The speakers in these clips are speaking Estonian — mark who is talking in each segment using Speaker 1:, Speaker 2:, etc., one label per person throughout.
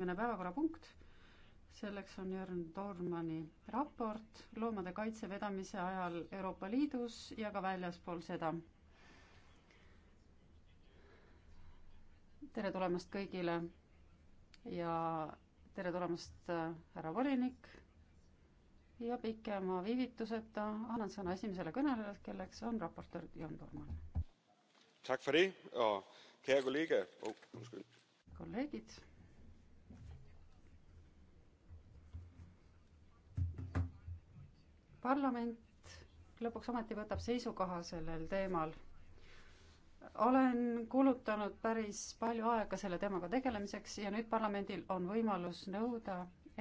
Speaker 1: esimene päevakorrapunkt, selleks on Jörn Tormani raport loomade kaitse vedamise ajal Euroopa Liidus ja ka väljaspool seda. tere tulemast kõigile ja tere tulemast, äh, härra volinik, ja pikema viivituseta annan sõna esimesele kõnelejale, kelleks on raportöör Jörn Torman. Oh, kolleegid parlament lõpuks ometi võtab seisukoha sellel teemal. olen kulutanud päris palju aega selle teemaga tegelemiseks ja nüüd parlamendil on võimalus nõuda,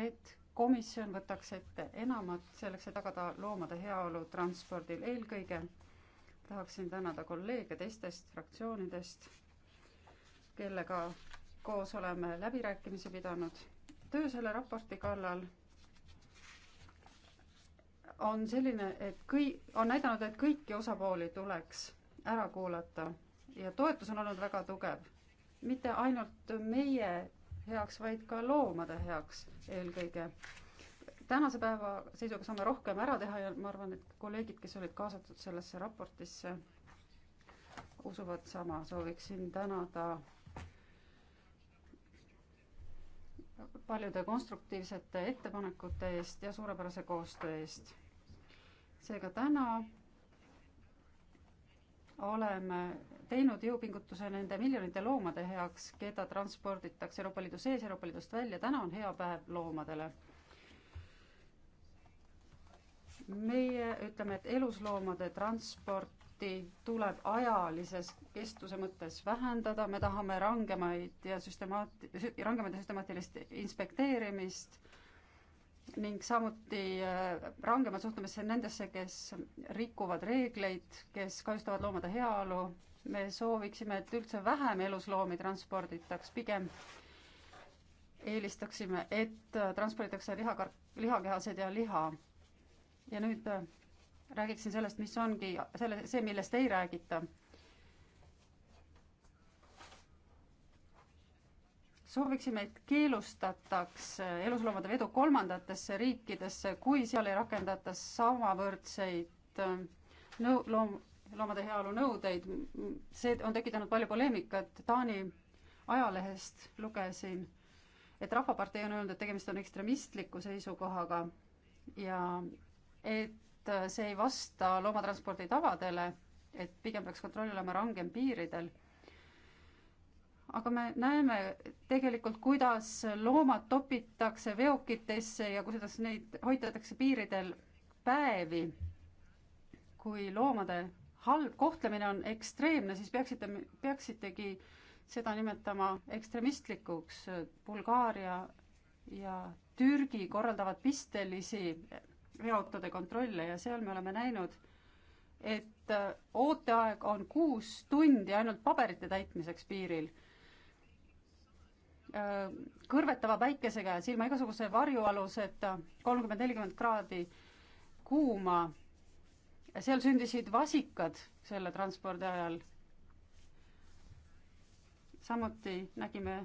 Speaker 1: et komisjon võtaks ette enamat selleks, et tagada loomade heaolu transpordil. eelkõige tahaksin tänada kolleege teistest fraktsioonidest, kellega koos oleme läbirääkimisi pidanud. töö selle raporti kallal on selline, et kõi-, on näidanud, et kõiki osapooli tuleks ära kuulata ja toetus on olnud väga tugev. mitte ainult meie heaks, vaid ka loomade heaks eelkõige. tänase päeva seisuga saame rohkem ära teha ja ma arvan, et kolleegid, kes olid kaasatud sellesse raportisse, usuvad sama, sooviksin tänada paljude konstruktiivsete ettepanekute eest ja suurepärase koostöö eest seega täna oleme teinud jõupingutuse nende miljonite loomade heaks, keda transporditakse Euroopa Liidu sees, Euroopa Liidust välja, täna on hea päev loomadele. meie ütleme, et elusloomade transporti tuleb ajalises kestuse mõttes vähendada, me tahame rangemaid ja süstemaat-, rangemaid ja süstemaatilist inspekteerimist ning samuti äh, rangemat suhtumisse nendesse, kes rikuvad reegleid, kes kahjustavad loomade heaolu. me sooviksime, et üldse vähem elusloomi transporditaks, pigem eelistaksime, et äh, transporditakse lihakar-, lihakehased ja liha. ja nüüd äh, räägiksin sellest, mis ongi selle, see, millest ei räägita sooviksime, et keelustataks elusloomade vedu kolmandatesse riikidesse, kui seal ei rakendata samavõrdseid äh, nõu-, loom-, loomade heaolu nõudeid. see on tekitanud palju poleemikat, Taani ajalehest lugesin, et Rahvapartei on öelnud, et tegemist on ekstremistliku seisukohaga ja et äh, see ei vasta loomatranspordi tavadele, et pigem peaks kontroll olema rangem piiridel aga me näeme tegelikult, kuidas loomad topitakse veokitesse ja kuidas neid hoitatakse piiridel päevi. kui loomade halb kohtlemine on ekstreemne, siis peaksite, peaksitegi seda nimetama ekstremistlikuks. Bulgaaria ja Türgi korraldavad pistelisi veoautode kontrolle ja seal me oleme näinud, et ooteaeg on kuus tundi ainult paberite täitmiseks piiril Äh, kõrvetava päikese käes, ilma igasuguse varjualuseta, kolmkümmend, nelikümmend kraadi kuuma. seal sündisid vasikad selle transpordi ajal. samuti nägime,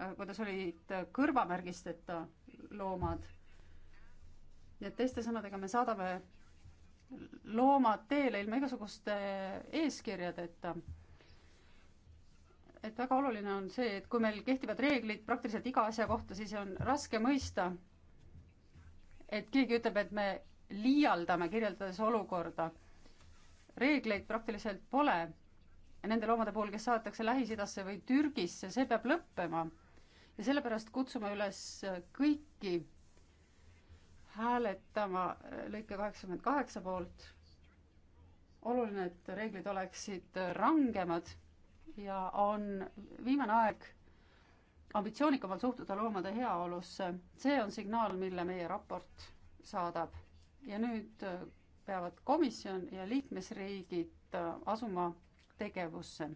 Speaker 1: äh, kuidas olid kõrvamärgisteta loomad. nii et teiste sõnadega me saadame loomad teele ilma igasuguste eeskirjadeta et väga oluline on see, et kui meil kehtivad reeglid praktiliselt iga asja kohta, siis on raske mõista, et keegi ütleb, et me liialdame, kirjeldades olukorda. reegleid praktiliselt pole nende loomade puhul, kes saadetakse Lähis-Idasse või Türgisse, see peab lõppema. ja sellepärast kutsume üles kõiki hääletama lõike kaheksakümmend kaheksa poolt. oluline, et reeglid oleksid rangemad ja on viimane aeg ambitsioonikamalt suhtuda loomade heaolusse. see on signaal, mille meie raport saadab. ja nüüd äh, peavad komisjon ja liikmesriigid äh, asuma tegevusse.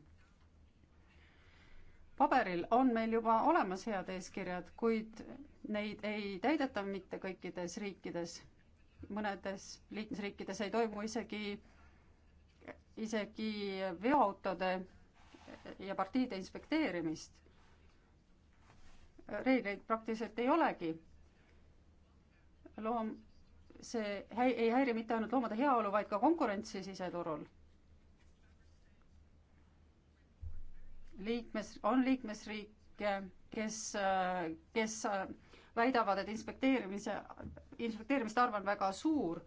Speaker 1: paberil on meil juba olemas head eeskirjad, kuid neid ei täideta mitte kõikides riikides. mõnedes liikmesriikides ei toimu isegi, isegi veoautode ja partiide inspekteerimist. reegleid praktiliselt ei olegi. loom, see häi-, ei häiri mitte ainult loomade heaolu, vaid ka konkurentsi siseturul. liikmes, on liikmesriike, kes, kes väidavad, et inspekteerimise, inspekteerimiste arv on väga suur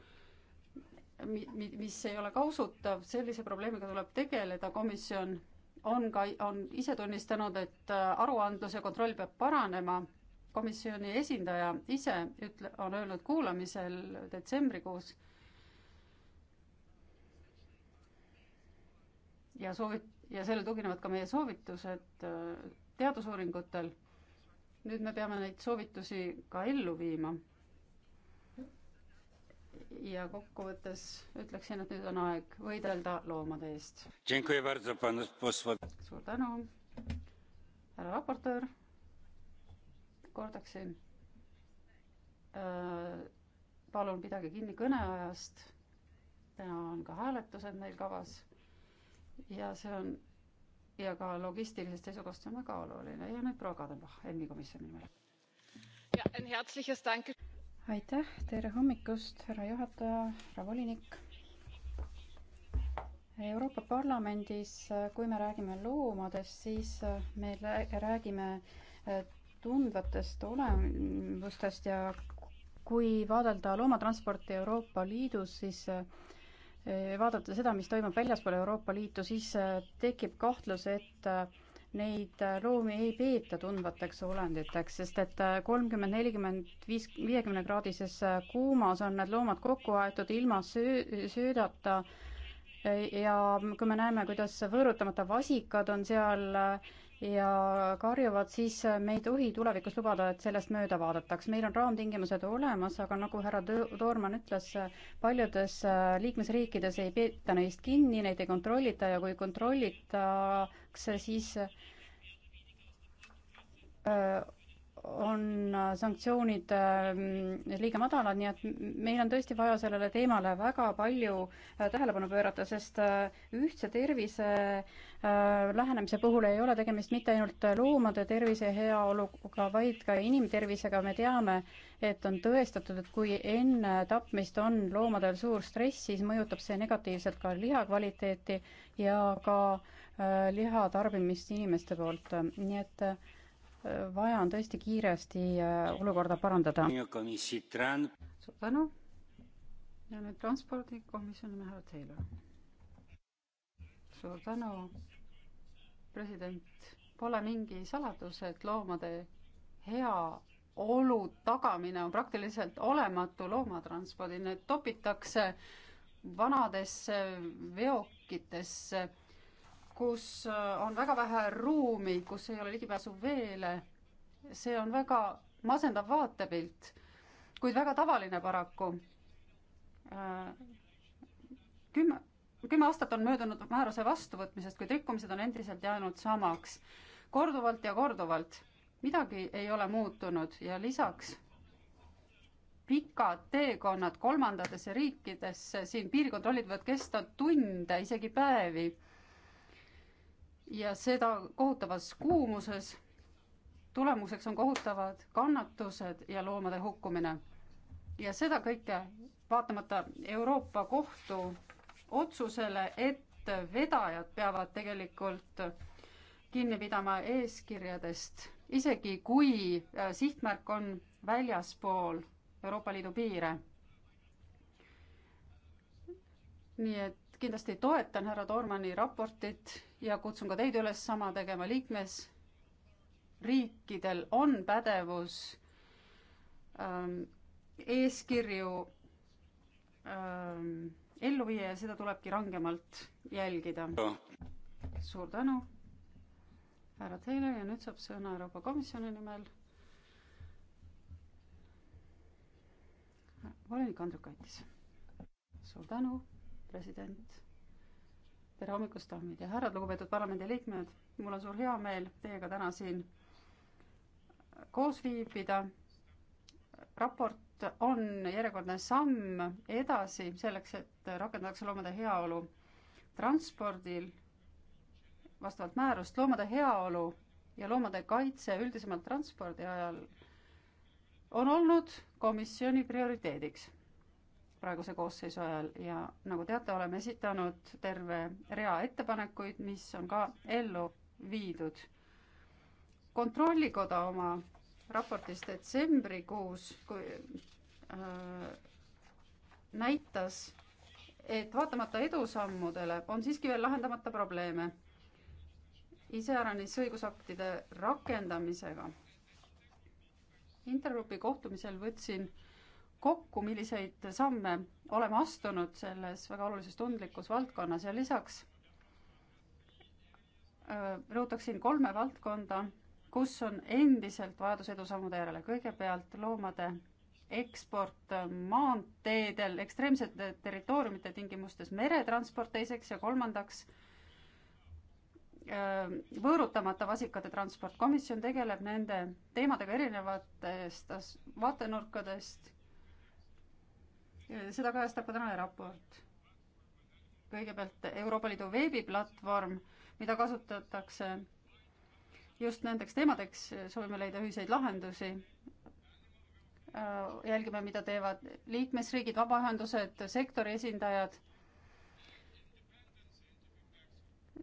Speaker 1: mi-, mi-, mis ei ole ka usutav, sellise probleemiga tuleb tegeleda, komisjon on ka, on ise tunnistanud, et äh, aruandluse kontroll peab paranema. komisjoni esindaja ise ütle, on öelnud kuulamisel detsembrikuus ja soovit-, ja sellele tuginevad ka meie soovitused äh, teadusuuringutel. nüüd me peame neid soovitusi ka ellu viima ja kokkuvõttes ütleksin, et nüüd on aeg võidelda loomade eest. suur tänu, härra raportöör. kordaksin. Äh, palun pidage kinni kõneajast. täna on ka hääletused meil kavas. ja see on ja ka logistilisest seisukohast see on väga oluline ja nüüd proua Kadenbach, ENMi komisjoni nimel. ja, ein herzliches danke aitäh, tere hommikust, härra juhataja, härra volinik. Euroopa Parlamendis, kui me räägime loomadest, siis me räägime äh, tundvatest olemustest ja kui vaadelda loomatransporti Euroopa Liidus, siis äh, vaadata seda, mis toimub väljaspool Euroopa Liitu, siis äh, tekib kahtlus, et neid loomi äh, ei peeta tundvateks olenditeks, sest et äh, kolmkümmend, nelikümmend, viis, viiekümne kraadises äh, kuumas on need loomad kokku aetud ilma söö-, söödata ja kui me näeme, kuidas võõrutamata vasikad on seal ja karjuvad, siis me ei tohi tulevikus lubada, et sellest mööda vaadataks. meil on raamtingimused olemas, aga nagu härra Toorman ütles, paljudes liikmesriikides ei peeta neist kinni, neid ei kontrollita ja kui kontrollita tehakse, siis äh, on sanktsioonid äh, liiga madalad, nii et meil on tõesti vaja sellele teemale väga palju äh, tähelepanu pöörata, sest ühtse tervise lähenemise puhul ei ole tegemist mitte ainult loomade tervise ja heaoluga, vaid ka inimtervisega. me teame, et on tõestatud, et kui enne tapmist on loomadel suur stress, siis mõjutab see negatiivselt ka liha kvaliteeti ja ka äh, Äh, liha tarbimist inimeste poolt, nii et äh, vaja on tõesti kiiresti äh, olukorda parandada. suur tänu. ja nüüd transpordikomisjoni härra Taylor. suur tänu, president. Pole mingi saladus, et loomade heaolu tagamine on praktiliselt olematu loomatranspordi, need topitakse vanadesse veokitesse kus äh, on väga vähe ruumi, kus ei ole ligipääsu veele. see on väga masendav vaatepilt, kuid väga tavaline paraku. Äh, kümme, kümme aastat on möödunud määruse vastuvõtmisest, kuid rikkumised on endiselt jäänud samaks. korduvalt ja korduvalt. midagi ei ole muutunud ja lisaks pikad teekonnad kolmandatesse riikidesse, siin piirikontrollid võivad kesta tunde, isegi päevi ja seda kohutavas kuumuses. tulemuseks on kohutavad kannatused ja loomade hukkumine. ja seda kõike vaatamata Euroopa Kohtu otsusele, et vedajad peavad tegelikult kinni pidama eeskirjadest, isegi kui äh, sihtmärk on väljaspool Euroopa Liidu piire. nii et kindlasti toetan härra Toormani raportit ja kutsun ka teid üles sama tegema liikmesriikidel on pädevus ähm, eeskirju ähm, ellu viia ja seda tulebki rangemalt jälgida. suur tänu, härra Taylor ja nüüd saab sõna Euroopa Komisjoni nimel. volinik Andrukaitis, suur tänu president. tere hommikust, daamid ja härrad, lugupeetud parlamendiliikmed. mul on suur heameel teiega täna siin koos viibida. raport on järjekordne samm edasi selleks, et rakendatakse loomade heaolu transpordil vastavalt määrust loomade heaolu ja loomade kaitse üldisemalt transpordi ajal on olnud komisjoni prioriteediks praeguse koosseisu ajal ja nagu teate, oleme esitanud terve rea ettepanekuid, mis on ka ellu viidud. kontrollikoda oma raportis detsembrikuus kui, äh, näitas, et vaatamata edusammudele on siiski veel lahendamata probleeme iseäranis õigusaktide rakendamisega. intergrupi kohtumisel võtsin äh, kokku, milliseid samme oleme astunud selles väga olulises tundlikus valdkonnas ja lisaks rõhutaksin kolme valdkonda, kus on endiselt vajadus edusammude järele. kõigepealt loomade eksport maanteedel ekstreemsete territooriumite tingimustes, meretransport teiseks ja kolmandaks võõrutamata vasikate transport. komisjon tegeleb nende teemadega erinevatest vaatenurkadest seda kajastab ka tänane raport. kõigepealt Euroopa Liidu veebiplatvorm, mida kasutatakse just nendeks teemadeks, soovime leida ühiseid lahendusi, äh, jälgime, mida teevad liikmesriigid, vabaühendused, sektori esindajad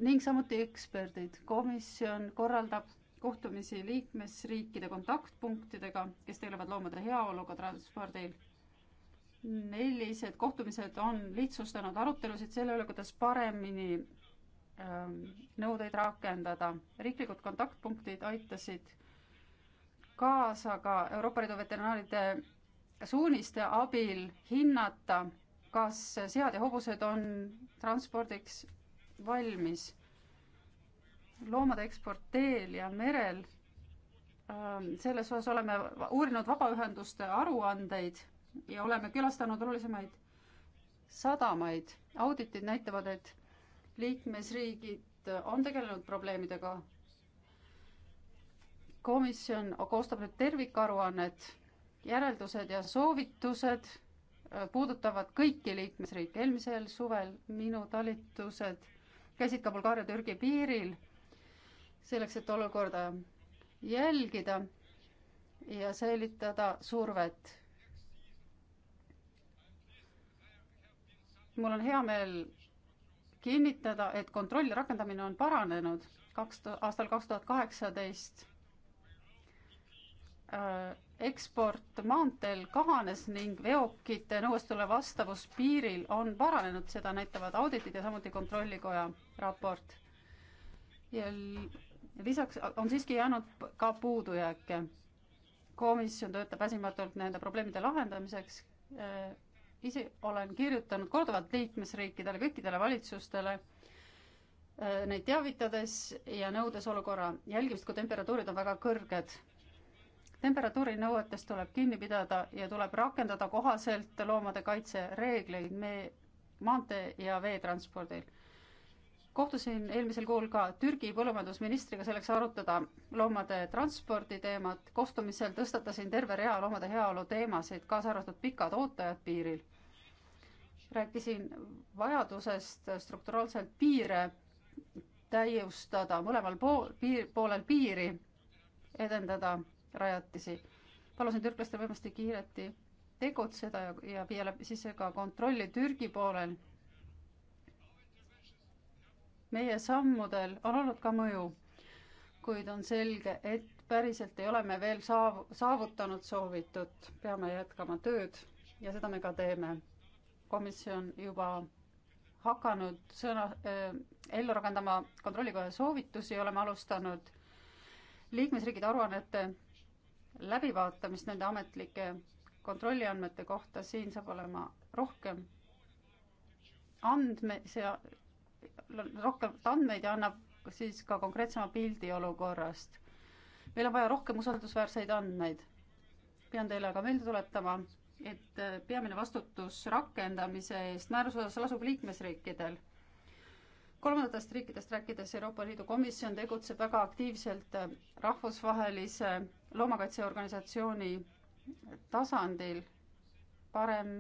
Speaker 1: ning samuti eksperdid. komisjon korraldab kohtumisi liikmesriikide kontaktpunktidega, kes tegelevad loomade heaoluga transpordil millised kohtumised on lihtsustanud arutelusid selle üle, kuidas paremini ähm, nõudeid rakendada. riiklikud kontaktpunktid aitasid kaasa ka Euroopa Liidu veterinaaride suuniste abil hinnata, kas sead ja hobused on transpordiks valmis. loomade eksport teel ja merel, ähm, selles osas oleme uurinud vabaühenduste aruandeid ja oleme külastanud olulisemaid sadamaid. auditid näitavad, et liikmesriigid on tegelenud probleemidega. komisjon koostab nüüd tervikaruannet, järeldused ja soovitused äh, puudutavad kõiki liikmesriike. eelmisel suvel minu talitused käisid ka Bulgaaria-Türgi piiril selleks, et olukorda jälgida ja säilitada survet mul on hea meel kinnitada, et kontrolli rakendamine on paranenud kaks, aastal kaks tuhat kaheksateist. Äh, eksport maanteel kahanes ning veokite nõuestule vastavus piiril on paranenud, seda näitavad auditid ja samuti Kontrollikoja raport. ja lisaks on siiski jäänud ka puudujääke. komisjon töötab väsimatult nende probleemide lahendamiseks äh, ise olen kirjutanud korduvalt liikmesriikidele, kõikidele valitsustele, äh, neid teavitades ja nõudes olukorra jälgimist, kui temperatuurid on väga kõrged. temperatuurinõuetest tuleb kinni pidada ja tuleb rakendada kohaselt loomade kaitsereegleid me maantee- ja veetranspordil kohtusin eelmisel kuul ka Türgi põllumajandusministriga selleks arutada loomade transpordi teemat. kohtumisel tõstatasin terve rea loomade heaolu teemasid, kaasa arvatud pikad ootajad piiril. rääkisin vajadusest strukturaalselt piire täiustada mõlemal pool, piir, poolel piiri, edendada rajatisi. palusin türklastel võimasti kiiresti tegutseda ja, ja viia läbi sisse ka kontrolli Türgi poolel meie sammudel on olnud ka mõju, kuid on selge, et päriselt ei ole me veel saav-, saavutanud soovitut, peame jätkama tööd ja seda me ka teeme. komisjon juba hakanud sõna äh,, ellu rakendama kontrollikoja soovitusi, oleme alustanud liikmesriigid aruannete läbivaatamist nende ametlike kontrolliandmete kohta, siin saab olema rohkem andme, see rohkem andmeid ja annab siis ka konkreetsema pildi olukorrast. meil on vaja rohkem usaldusväärseid andmeid. pean teile aga meelde tuletama, et äh, peamine vastutus rakendamise eest määruse osas lasub liikmesriikidel. kolmandatest riikidest rääkides Euroopa Liidu Komisjon tegutseb väga aktiivselt äh, rahvusvahelise loomakaitseorganisatsiooni tasandil parem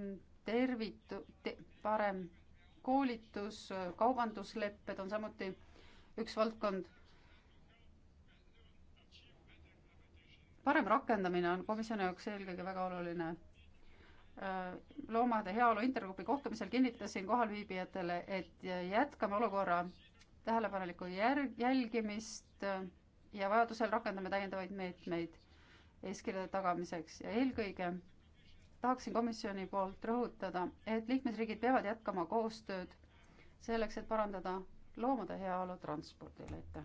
Speaker 1: tervit- te,, parem koolitus, kaubanduslepped on samuti üks valdkond. parem rakendamine on komisjoni jaoks eelkõige väga oluline. Äh, loomade heaolu intergrupi kohtumisel kinnitasin kohalviibijatele, et jätkame olukorra tähelepanelikku järg, jälgimist äh, ja vajadusel rakendame täiendavaid meetmeid eeskirjade tagamiseks ja eelkõige tahaksin komisjoni poolt rõhutada, et liikmesriigid peavad jätkama koostööd selleks, et parandada loomade heaolu transpordil, aitäh.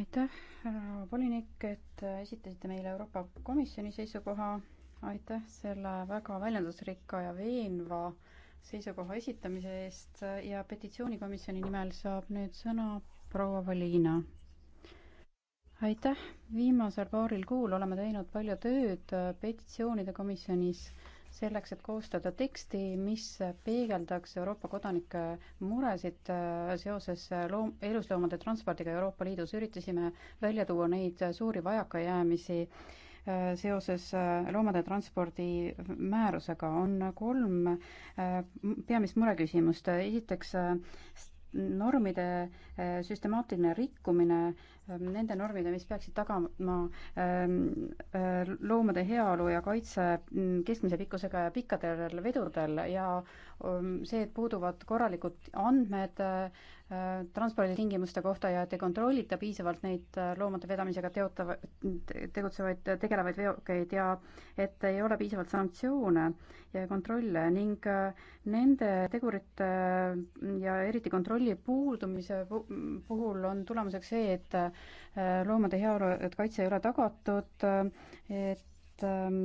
Speaker 1: aitäh, härra volinik, et esitasite meile Euroopa Komisjoni seisukoha. aitäh selle väga väljendusrikka ja veenva seisukoha esitamise eest ja petitsioonikomisjoni nimel saab nüüd sõna proua Valina aitäh, viimasel paaril kuul oleme teinud palju tööd äh, petitsioonide komisjonis selleks, et koostada teksti, mis peegeldaks Euroopa kodanike muresid äh, seoses äh, loom-, elusloomade transpordiga Euroopa Liidus, üritasime välja tuua neid suuri vajakajäämisi seoses loomade transpordi määrusega, on kolm peamist mureküsimust, esiteks normide süstemaatiline rikkumine Ähm, nende normide, mis peaksid tagama ähm, äh, loomade heaolu ja kaitse mm, keskmise pikkusega ja pikkadel vedurdel ja ähm, see, et puuduvad korralikud andmed äh, transporditingimuste kohta ja et ei kontrollita piisavalt neid äh, loomade vedamisega teotava, tegutsevaid, tegelevaid veokeid ja et ei ole piisavalt sanktsioone ja kontrolle ning nende tegurite ja eriti kontrolli puudumise puhul on tulemuseks see, et Äh, loomade heaolu, et kaitse ei ole tagatud, et ähm,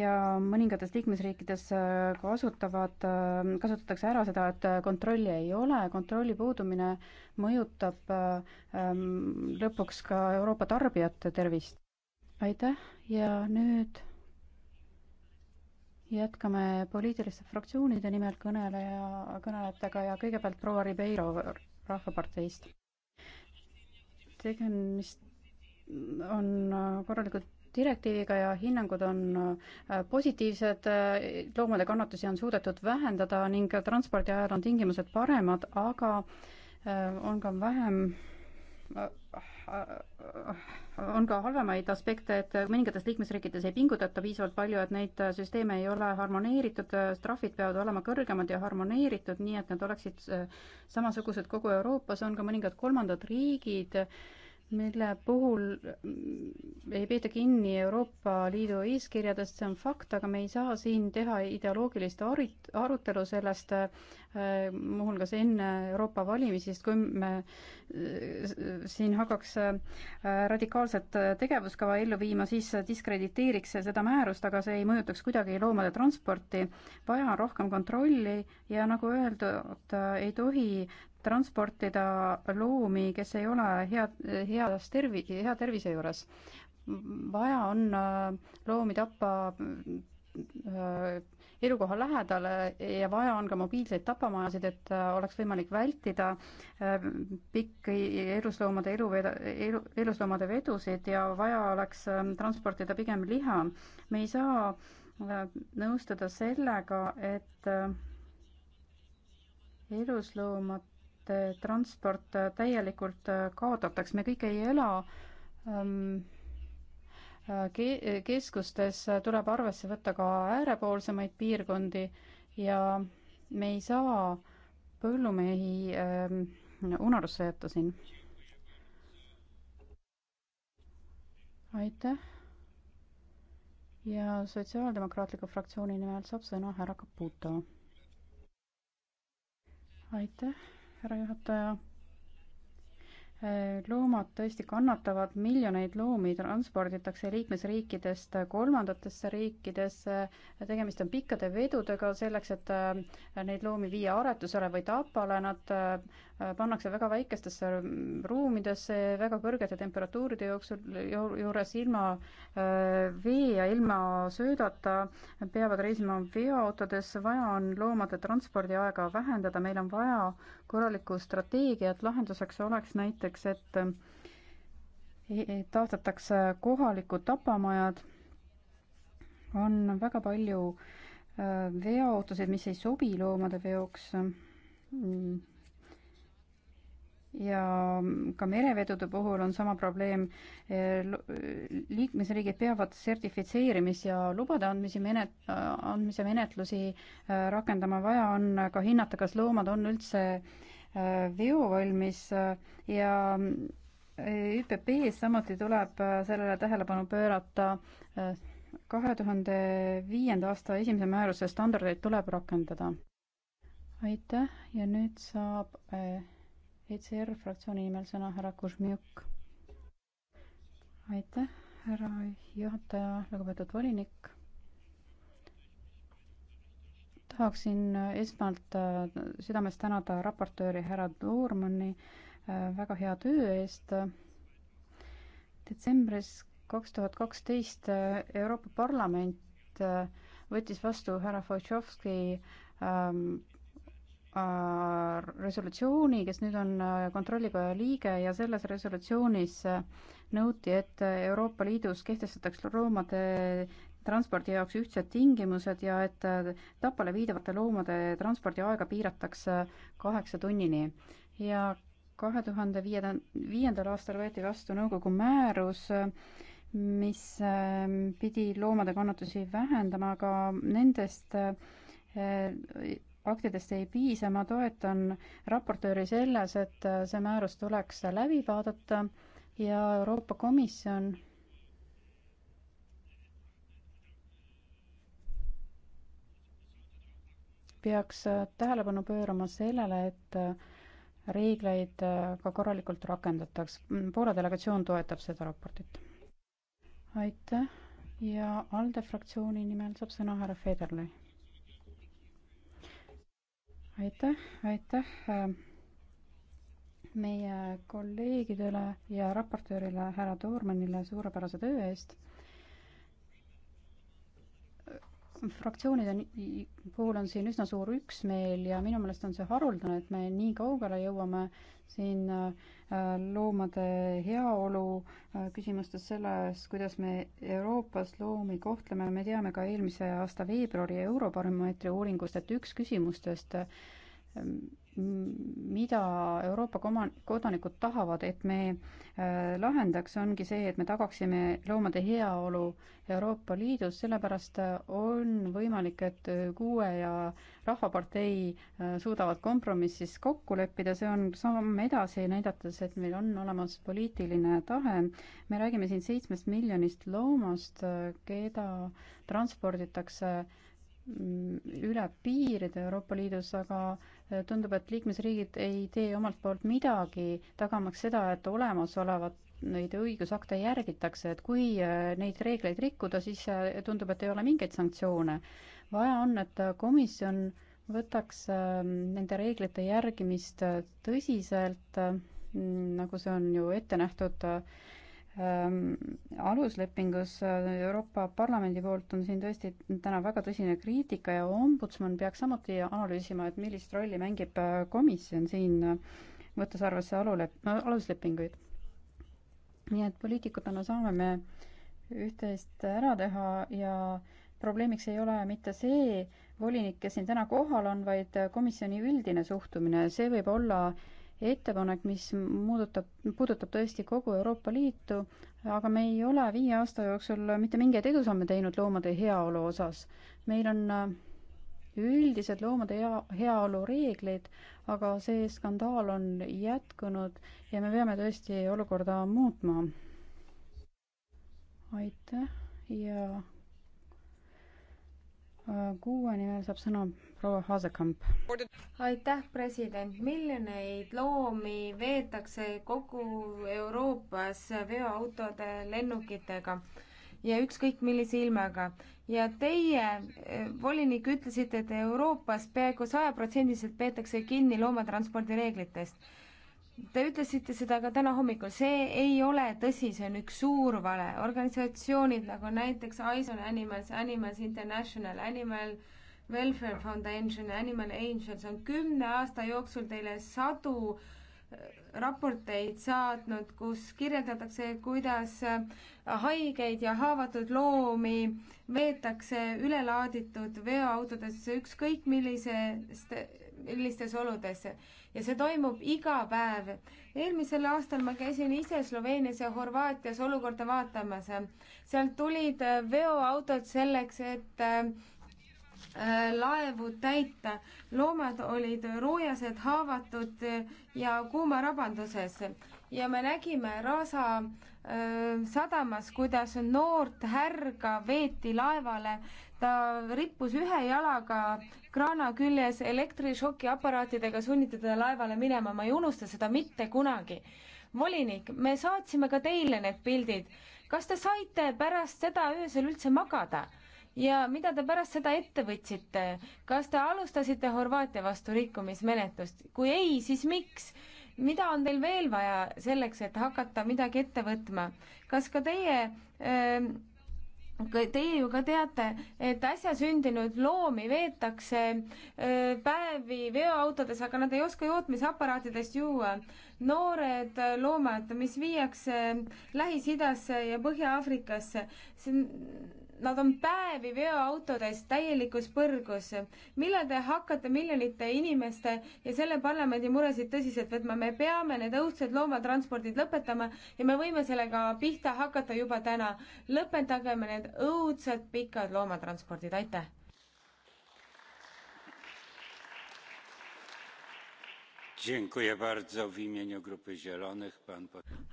Speaker 1: ja mõningates liikmesriikides äh, kasutavad, äh, kasutatakse ära seda, et kontrolli ei ole, kontrolli puudumine mõjutab ähm, lõpuks ka Euroopa tarbijate tervist. aitäh ja nüüd jätkame poliitiliste fraktsioonide nimel kõneleja, kõnelejatega ja kõigepealt proua Ribeiro Rahvaparteist tegemist on äh, korralikult direktiiviga ja hinnangud on äh, positiivsed, äh, loomade kannatusi on suudetud vähendada ning transpordi ajal on tingimused paremad, aga on ka vähem on ka halvemaid aspekte, et mõningates liikmesriikides ei pingutata piisavalt palju, et neid süsteeme ei ole harmoneeritud, trahvid peavad olema kõrgemad ja harmoneeritud, nii et nad oleksid samasugused kogu Euroopas, on ka mõningad kolmandad riigid, mille puhul mm, ei peeta kinni Euroopa Liidu eeskirjadest, see on fakt, aga me ei saa siin teha ideoloogilist arit-, arutelu sellest äh, muuhulgas enne Euroopa valimisi, sest kui me äh, siin hakkaks äh, radikaalset tegevuskava ellu viima, siis diskrediteeriks see seda määrust, aga see ei mõjutaks kuidagi loomade transporti. vaja on rohkem kontrolli ja nagu öeldud, äh, ei tohi transportida loomi, kes ei ole head, heas tervi-, hea tervise juures. vaja on äh, loomi tappa äh, elukoha lähedale ja vaja on ka mobiilseid tapamajasid, et äh, oleks võimalik vältida pikki elusloomade elu, elu, elusloomade vedusid ja vaja oleks transportida pigem liha. me ei saa nõustuda sellega, et elusloomad et transport täielikult kaotataks, me kõik ei ela ähm, keskustes, tuleb arvesse võtta ka äärepoolsemaid piirkondi ja me ei saa põllumehi ähm, unarusse jätta siin. aitäh. ja Sotsiaaldemokraatliku fraktsiooni nimel saab sõna härra Caputo. aitäh härra juhataja loomad tõesti kannatavad, miljoneid loomi transporditakse liikmesriikidest kolmandatesse riikidesse, tegemist on pikkade vedudega selleks, et äh, neid loomi viia aretusele või tapale, nad äh, pannakse väga väikestesse ruumidesse väga kõrgete temperatuuride jooksul, juures ilma äh, vee ja ilma söödata, peavad reisima veoautodes, vaja on loomade transpordiaega vähendada, meil on vaja korralikku strateegiat, lahenduseks oleks näiteks näiteks, et eh, taastatakse kohalikud tapamajad, on väga palju eh, veoautosid, mis ei sobi loomade veoks ja ka merevedude puhul on sama probleem. Eh, liikmesriigid peavad sertifitseerimis- ja lubade andmisi menet-, andmise menetlusi rakendama, vaja on ka hinnata, kas loomad on üldse Äh, veovalmis äh, ja äh, ÜPP-s samuti tuleb sellele tähelepanu pöörata. kahe tuhande viienda aasta esimese määruse standardeid tuleb rakendada. aitäh ja nüüd saab ECR fraktsiooni nimel sõna härra Kuzmjuk. aitäh, härra juhataja, lugupeetud volinik tahaksin äh, esmalt äh, südamest tänada raportööri härra Toormanni äh, väga hea töö eest. detsembris kaks tuhat kaksteist Euroopa Parlament võttis vastu härra Wojciechowski ähm, resolutsiooni, kes nüüd on kontrollikoja liige ja selles resolutsioonis nõuti, et Euroopa Liidus kehtestataks loomade transpordi jaoks ühtsed tingimused ja et Tapale viidavate loomade transpordiaega piiratakse kaheksa tunnini. ja kahe tuhande viienda, viiendal aastal võeti vastu nõukogu määrus, mis ähm, pidi loomade kannatusi vähendama, aga nendest äh, aktidest ei piisa, ma toetan raportööri selles, et see määrus tuleks läbi vaadata ja Euroopa Komisjon peaks äh, tähelepanu pöörama sellele, et äh, reegleid äh, ka korralikult rakendataks. Mm, Poola delegatsioon toetab seda raportit. aitäh ja ALDE fraktsiooni nimel saab sõna härra Federle. aitäh, aitäh meie kolleegidele ja raportöörile härra Toormanile suurepärase töö eest fraktsioonide puhul on siin üsna suur üksmeel ja minu meelest on see haruldane, et me nii kaugele jõuame siin äh, loomade heaolu äh, küsimustes selles, kuidas me Euroopas loomi kohtleme, me teame ka eelmise aasta veebruari Eurobaromeetri uuringust, et üks küsimustest äh, mida Euroopa kodanikud tahavad, et me äh, lahendaks, ongi see, et me tagaksime loomade heaolu Euroopa Liidus, sellepärast äh, on võimalik, et äh, kuue ja Rahvapartei suudavad kompromissis kokku leppida, see on samm edasi, näidates, et meil on olemas poliitiline tahe. me räägime siin seitsmest miljonist loomast, keda transporditakse äh, Mm, üle piiride Euroopa Liidus, aga äh, tundub, et liikmesriigid ei tee omalt poolt midagi, tagamaks seda, et olemasolevat neid õigusakte järgitakse, et kui äh, neid reegleid rikkuda, siis äh, tundub, et ei ole mingeid sanktsioone. vaja on, et komisjon võtaks ähm, nende reeglite järgimist tõsiselt, nagu see on ju ette nähtud Ehm, aluslepingus äh, Euroopa Parlamendi poolt on siin tõesti täna väga tõsine kriitika ja ombudsman peaks samuti analüüsima, et millist rolli mängib äh, komisjon siin, võttes arvesse alulep-, aluslepinguid. nii et poliitikutena saame me üht-teist ära teha ja probleemiks ei ole mitte see volinik, kes siin täna kohal on, vaid äh, komisjoni üldine suhtumine, see võib olla äh, ettepanek, mis muudutab, puudutab tõesti kogu Euroopa Liitu, aga me ei ole viie aasta jooksul mitte mingeid edusamme teinud loomade heaolu osas. meil on äh, üldised loomade hea, heaolu reeglid, aga see skandaal on jätkunud ja me peame tõesti olukorda muutma. aitäh ja kuue nimel saab sõna proua Haasekamp.
Speaker 2: aitäh, president. miljoneid loomi veetakse kogu Euroopas veoautode, lennukitega ja ükskõik millise ilmaga. ja teie, eh, volinik, ütlesite, et Euroopas peaaegu sajaprotsendiliselt peetakse kinni loomatranspordi reeglitest Te ütlesite seda ka täna hommikul, see ei ole tõsi, see on üks suur vale. organisatsioonid nagu näiteks Eyes on Animals, Animals International, Animal Welfare Foundation, Animal Angels on kümne aasta jooksul teile sadu äh, raporteid saatnud, kus kirjeldatakse, kuidas äh, haigeid ja haavatud loomi veetakse ülelaaditud veoautodesse ükskõik millisest, millistes oludes ja see toimub iga päev. eelmisel aastal ma käisin ise Sloveenias ja Horvaatias olukorda vaatamas. sealt tulid äh, veoautod selleks, et äh, äh, laevu täita. loomad olid roojased, haavatud ja kuumarabanduses ja me nägime rasa sadamas, kuidas noort härga veeti laevale. ta rippus ühe jalaga kraana küljes elektrišokiaparaatidega sunniti teda laevale minema, ma ei unusta seda mitte kunagi. volinik, me saatsime ka teile need pildid. kas te saite pärast seda öösel üldse magada? ja mida te pärast seda ette võtsite? kas te alustasite Horvaatia vastu rikkumismenetlust? kui ei, siis miks? mida on teil veel vaja selleks, et hakata midagi ette võtma? kas ka teie äh, Teie ju ka teate, et äsja sündinud loomi veetakse äh, päevi veoautodes, aga nad ei oska jootmisaparaatidest juua. noored loomad, mis viiakse äh, Lähis-Idasse ja Põhja-Aafrikasse, see nad on päevi veoautodes täielikus põrgus. millal te hakkate miljonite inimeste ja selle parlamendi muresid tõsiselt võtma? me peame need õudsed loomatranspordid lõpetama ja me võime sellega pihta hakata juba täna. lõpetagem need õudsed pikad loomatranspordid, aitäh!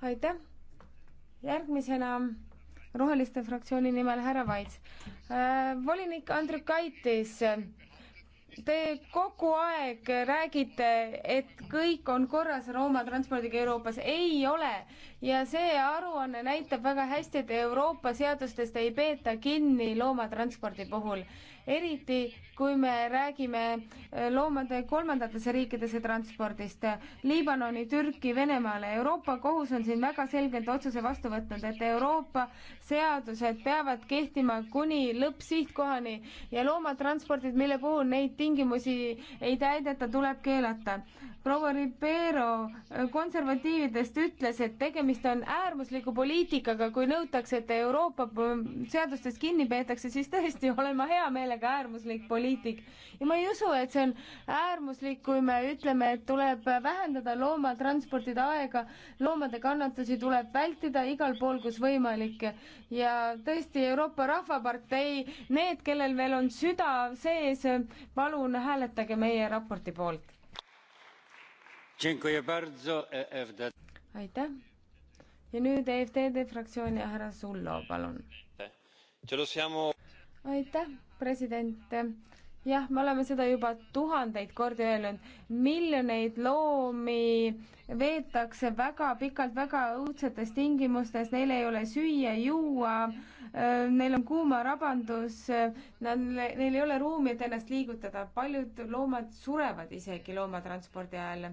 Speaker 2: aitäh, järgmisena Roheliste fraktsiooni nimel härra Vaits. Äh, volinik Andrukaitis, te kogu aeg räägite, et kõik on korras Rooma transpordiga Euroopas. ei ole ja see aruanne näitab väga hästi, et Euroopa seadustest ei peeta kinni loomatranspordi puhul eriti kui me räägime äh, loomade kolmandatesse riikidesse transpordist, Liibanoni, Türki, Venemaale. Euroopa Kohus on siin väga selgelt otsuse vastu võtnud, et Euroopa seadused peavad kehtima kuni lõppsihtkohani ja loomatranspordid, mille puhul neid tingimusi ei täideta, tuleb keelata. proua Ribeiro äh, konservatiividest ütles, et tegemist on äärmusliku poliitikaga, kui nõutakse, et Euroopa mm, seadustest kinni peetakse, siis tõesti olen ma hea meelega sellega äärmuslik poliitik. ja ma ei usu, et see on äärmuslik, kui me ütleme, et tuleb vähendada loomatransportide aega, loomade kannatusi tuleb vältida igal pool, kus võimalik. ja tõesti, Euroopa Rahvapartei, need, kellel veel on süda sees, palun hääletage meie raporti poolt.
Speaker 3: E
Speaker 2: aitäh ja nüüd EFTD fraktsiooni härra Sullo, palun aitäh, president. jah, me oleme seda juba tuhandeid kordi öelnud, miljoneid loomi veetakse väga pikalt väga õudsetes tingimustes, neil ei ole süüa, juua, äh, neil on kuuma rabandus, nad, neil ei ole ruumi, et ennast liigutada, paljud loomad surevad isegi loomatranspordi ajal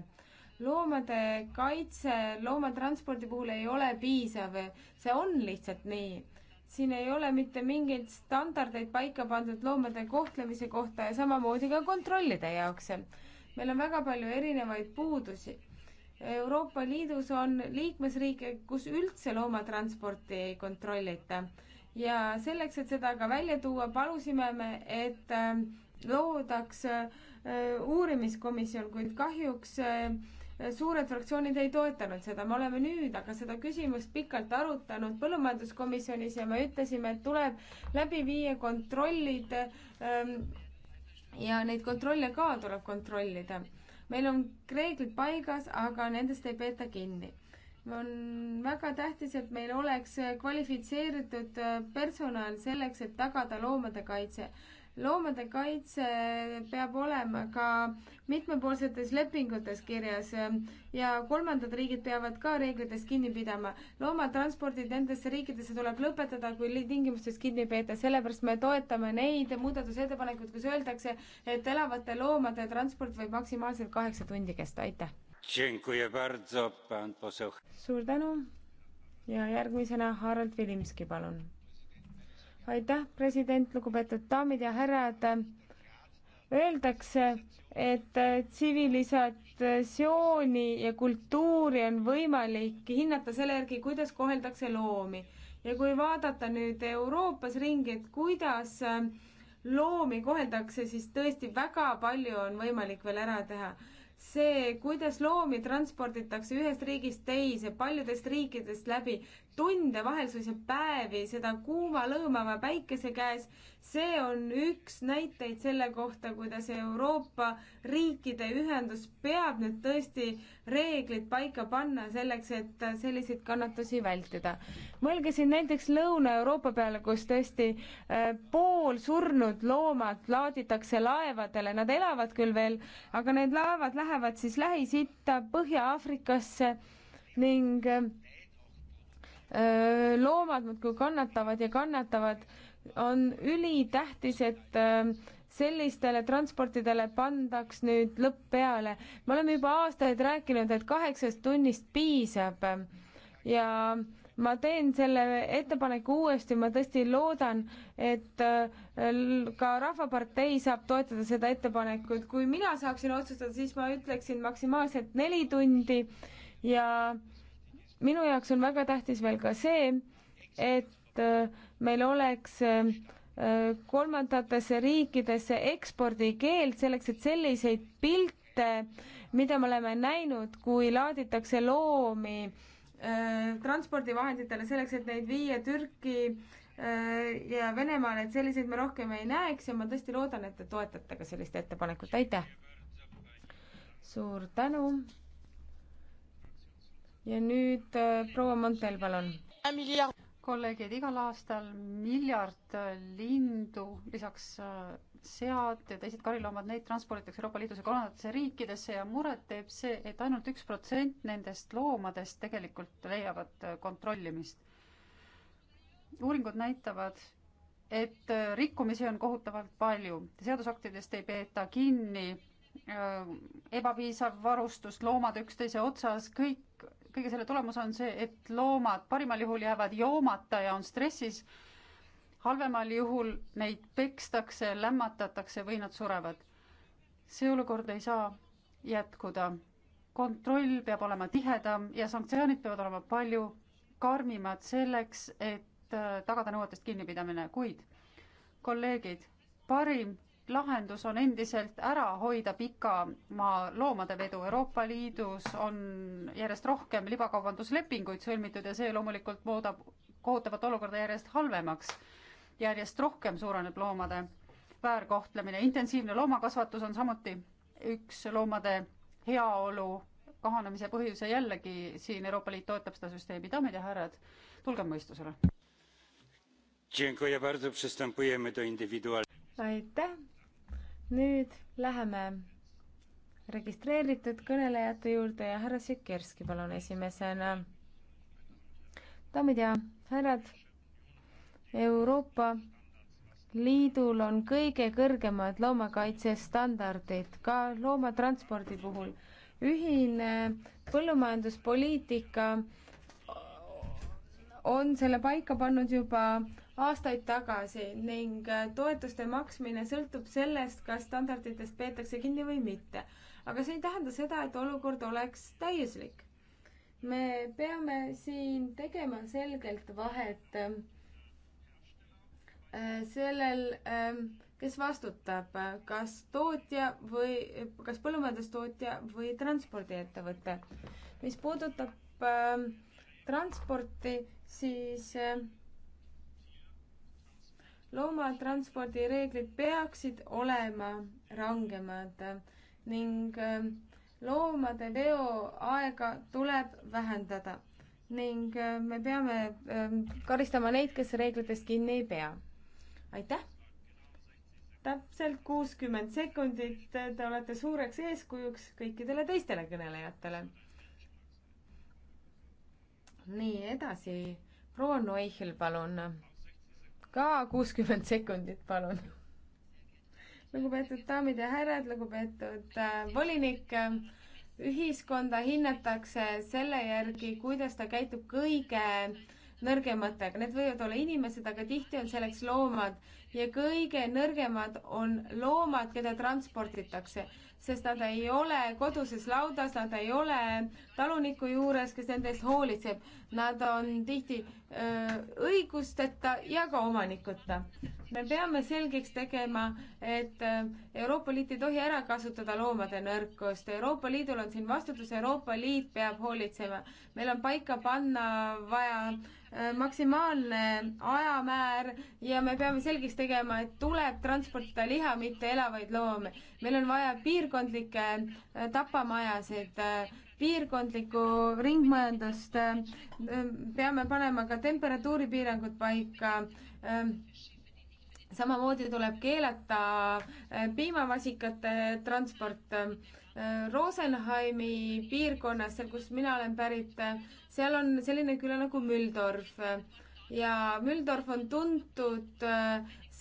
Speaker 2: loomade kaitse loomatranspordi puhul ei ole piisav, see on lihtsalt nii siin ei ole mitte mingeid standardeid paika pandud loomade kohtlemise kohta ja samamoodi ka kontrollide jaoks. meil on väga palju erinevaid puudusi. Euroopa Liidus on liikmesriike, kus üldse loomatransporti ei kontrollita ja selleks, et seda ka välja tuua, palusime me, et äh, loodaks äh, uurimiskomisjon, kuid kahjuks äh, suured fraktsioonid ei toetanud seda, me oleme nüüd aga seda küsimust pikalt arutanud põllumajanduskomisjonis ja me ütlesime, et tuleb läbi viia kontrollid ähm, ja neid kontrolle ka tuleb kontrollida. meil on reeglid paigas, aga nendest ei peeta kinni. on väga tähtis, et meil oleks kvalifitseeritud äh, personal selleks, et tagada loomade kaitse loomade kaitse peab olema ka mitmepoolsetes lepingutes kirjas ja kolmandad riigid peavad ka reeglitest kinni pidama. loomatranspordid nendesse riikidesse tuleb lõpetada, kui tingimustest kinni ei peeta, sellepärast me toetame neid muudatusettepanekuid, kus öeldakse, et elavate loomade transport võib maksimaalselt kaheksa tundi kesta, aitäh. suur tänu ja järgmisena Harald Vilimski, palun aitäh, president, lugupeetud daamid ja härrad. Öeldakse, et tsivilisatsiooni ja kultuuri on võimalik hinnata selle järgi, kuidas koheldakse loomi. ja kui vaadata nüüd Euroopas ringi, et kuidas loomi koheldakse, siis tõesti väga palju on võimalik veel ära teha see, kuidas loomi transporditakse ühest riigist teise, paljudest riikidest läbi, tunde vahel, suisa päevi, seda kuuma lõõmava päikese käes. see on üks näiteid selle kohta, kuidas Euroopa riikide ühendus peab nüüd tõesti reeglid paika panna selleks, et selliseid kannatusi vältida. mõelge siin näiteks Lõuna-Euroopa peale, kus tõesti äh, pool surnud loomad laaditakse laevadele, nad elavad küll veel, aga need laevad lähevad siis Lähis-Itta, Põhja-Aafrikasse ning äh, loomad muudkui kannatavad ja kannatavad, on ülitähtis, et sellistele transportidele pandaks nüüd lõpp peale. me oleme juba aastaid rääkinud, et kaheksast tunnist piisab ja ma teen selle ettepaneku uuesti, ma tõesti loodan, et ka Rahvapartei saab toetada seda ettepanekut. kui mina saaksin otsustada, siis ma ütleksin maksimaalselt neli tundi ja äh, minu jaoks on väga tähtis veel ka see, et äh, meil oleks äh, kolmandatesse riikidesse ekspordikeeld selleks, et selliseid pilte, mida me oleme näinud, kui laaditakse loomi äh, transpordivahenditele selleks, et neid viia Türki ja Venemaale, et selliseid me rohkem ei näeks ja ma tõesti loodan, et te toetate ka sellist ettepanekut, aitäh! suur tänu! ja nüüd äh, proua Montel, palun.
Speaker 1: kolleegid, igal aastal miljard äh, lindu, lisaks äh, sead ja teised kariloomad, neid transporditakse Euroopa Liidus ja kolmandatesse riikidesse ja muret teeb see, et ainult üks protsent nendest loomadest tegelikult leiavad kontrollimist. uuringud näitavad, et rikkumisi on kohutavalt palju, seadusaktidest ei peeta kinni, ebapiisav varustus, loomad üksteise otsas, kõik kõige selle tulemus on see, et loomad parimal juhul jäävad joomata ja on stressis, halvemal juhul neid pekstakse, lämmatatakse või nad surevad. see olukord ei saa jätkuda. kontroll peab olema tihedam ja sanktsioonid peavad olema palju karmimad selleks, et äh, tagada nõuetest kinnipidamine, kuid kolleegid, parim lahendus on endiselt ära hoida pikamaa loomade vedu. Euroopa Liidus on järjest rohkem libakaubanduslepinguid sõlmitud ja see loomulikult muudab kohutavat olukorda järjest halvemaks. järjest rohkem suureneb loomade väärkohtlemine, intensiivne loomakasvatus on samuti üks loomade heaolu kahanemise põhjus ja jällegi siin Euroopa Liit toetab seda süsteemi. daamid ja härrad, tulgem mõistusele. aitäh nüüd läheme
Speaker 2: registreeritud kõnelejate juurde ja härra Sikerski, palun esimesena. daamid ja härrad, Euroopa Liidul on kõige kõrgemad loomakaitsestandardid ka loomatranspordi puhul. ühine põllumajanduspoliitika on selle paika pannud juba aastaid tagasi ning äh, toetuste maksmine sõltub sellest, kas standarditest peetakse kinni või mitte. aga see ei tähenda seda, et olukord oleks täiuslik. me peame siin tegema selgelt vahet äh, sellel, ähm, kes vastutab, kas tootja või, kas põllumajandustootja või transpordiettevõte. mis puudutab ähm, transporti, siis äh, loomatranspordireeglid peaksid olema rangemad ning äh, loomade veoaega tuleb vähendada ning äh, me peame ähm, karistama neid, kes reeglitest kinni ei pea. aitäh! täpselt kuuskümmend sekundit, äh, te olete suureks eeskujuks kõikidele teistele kõnelejatele. nii, edasi. proua Noichel, palun ka kuuskümmend sekundit, palun. lugupeetud daamid ja härrad, lugupeetud äh, volinik, äh, ühiskonda hinnatakse selle järgi, kuidas ta käitub kõige nõrgematega, need võivad olla inimesed, aga tihti on selleks loomad ja kõige nõrgemad on loomad, keda transporditakse sest nad ei ole koduses laudas, nad ei ole taluniku juures, kes nende eest hoolitseb. Nad on tihti öö, õigusteta ja ka omanikuta. me peame selgeks tegema, et Euroopa Liit ei tohi ära kasutada loomade nõrkust. Euroopa Liidul on siin vastutus, Euroopa Liit peab hoolitsema. meil on paika panna vaja öö, maksimaalne ajamäär ja me peame selgeks tegema, et tuleb transportida liha, mitte elavaid loomi meil on vaja piirkondlikke äh, tapamajasid, äh, piirkondlikku ringmajandust, äh, peame panema ka temperatuuripiirangud paika samamoodi tuleb keelata piimavasikate transport. Rosenheimi piirkonnas, seal kus mina olen pärit, seal on selline küla nagu Müldorf ja Müldorf on tuntud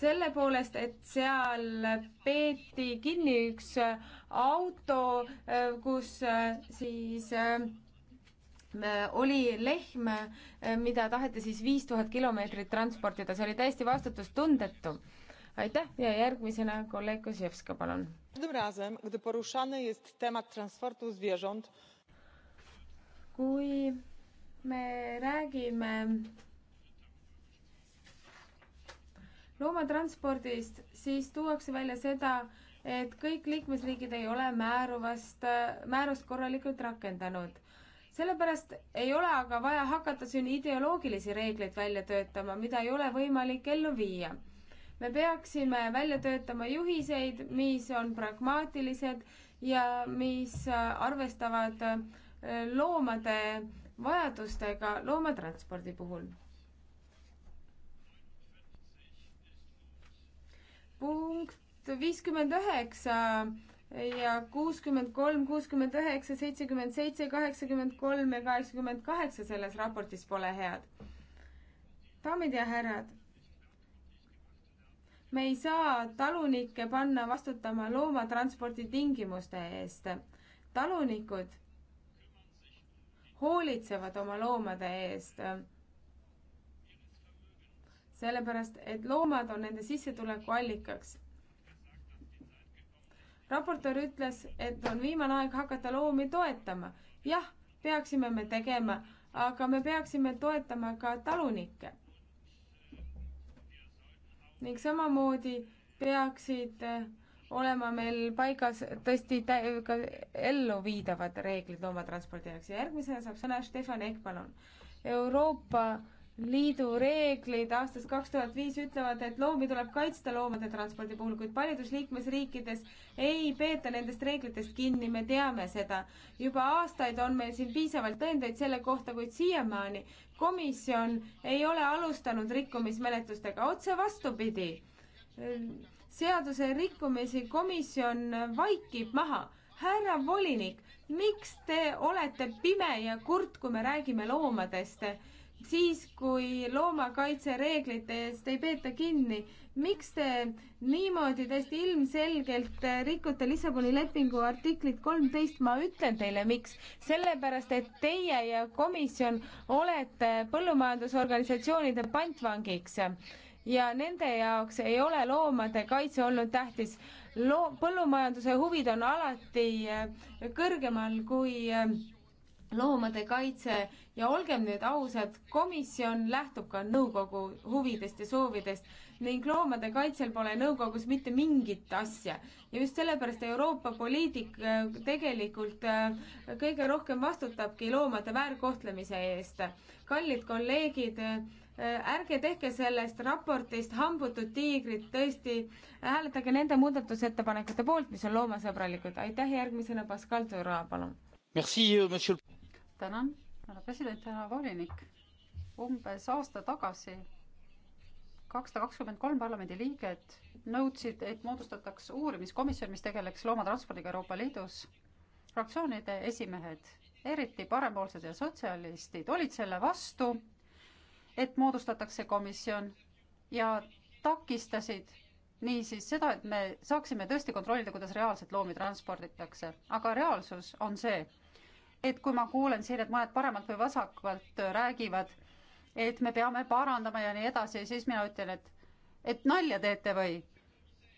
Speaker 2: selle poolest, et seal peeti kinni üks auto, kus äh, siis äh, oli lehm, äh, mida taheti siis viis tuhat kilomeetrit transportida, see oli täiesti vastutustundetu. aitäh ja järgmisena kolleeg Kozjevska, palun. kui me räägime loomatranspordist, siis tuuakse välja seda, et kõik liikmesriigid ei ole määruvast, määrust korralikult rakendanud. sellepärast ei ole aga vaja hakata siin ideoloogilisi reegleid välja töötama, mida ei ole võimalik ellu viia. me peaksime välja töötama juhiseid, mis on pragmaatilised ja mis arvestavad äh, loomade vajadustega loomatranspordi puhul punkt viiskümmend üheksa ja kuuskümmend kolm, kuuskümmend üheksa, seitsekümmend seitse, kaheksakümmend kolm ja kaheksakümmend kaheksa selles raportis pole head. daamid ja härrad, me ei saa talunikke panna vastutama loomatranspordi tingimuste eest. talunikud hoolitsevad oma loomade eest sellepärast et loomad on nende sissetuleku allikaks. raportöör ütles, et on viimane aeg hakata loomi toetama. jah, peaksime me tegema, aga me peaksime toetama ka talunikke. ning samamoodi peaksid eh, olema meil paigas tõesti ka elluviidavad reeglid loomatranspordi jaoks ja järgmisena saab sõna Stefan Ekk, palun. Euroopa liidu reeglid aastast kaks tuhat viis ütlevad, et loomi tuleb kaitsta loomade transpordi puhul, kuid paljudes liikmesriikides ei peeta nendest reeglitest kinni, me teame seda. juba aastaid on meil siin piisavalt tõendeid selle kohta, kuid siiamaani komisjon ei ole alustanud rikkumismenetlustega, otse vastupidi. seaduse rikkumisi komisjon vaikib maha. härra volinik, miks te olete pime ja kurt, kui me räägime loomadest? siis, kui loomakaitsereeglite eest ei peeta kinni. miks te niimoodi täiesti ilmselgelt äh, rikute Lissaboni lepingu artiklit kolmteist, ma ütlen teile, miks. sellepärast, et teie ja komisjon olete põllumajandusorganisatsioonide pantvangiks ja nende jaoks ei ole loomade kaitse olnud tähtis. loo-, põllumajanduse huvid on alati äh, kõrgemal kui äh, loomade kaitse ja olgem nüüd ausad, komisjon lähtub ka nõukogu huvidest ja soovidest ning loomade kaitsel pole nõukogus mitte mingit asja. ja just sellepärast Euroopa poliitik äh, tegelikult äh, kõige rohkem vastutabki loomade väärkohtlemise eest. kallid kolleegid, äh, ärge tehke sellest raportist hambutud tiigrit, tõesti hääletage nende muudatusettepanekute poolt, mis on loomasõbralikud. aitäh, järgmisena Pascal
Speaker 1: Tura, palun. Merci, euh, monsieur tänan, härra president, härra volinik. umbes aasta tagasi kakssada kakskümmend kolm parlamendiliiget nõudsid, et moodustataks uurimiskomisjon, mis tegeleks loomatranspordiga Euroopa Liidus. fraktsioonide esimehed, eriti parempoolsed ja sotsialistid, olid selle vastu, et moodustatakse komisjon ja takistasid niisiis seda, et me saaksime tõesti kontrollida, kuidas reaalselt loomi transporditakse. aga reaalsus on see, et kui ma kuulen siin, et mõned paremalt või vasakult räägivad, et me peame parandama ja nii edasi, siis mina ütlen, et, et nalja teete või?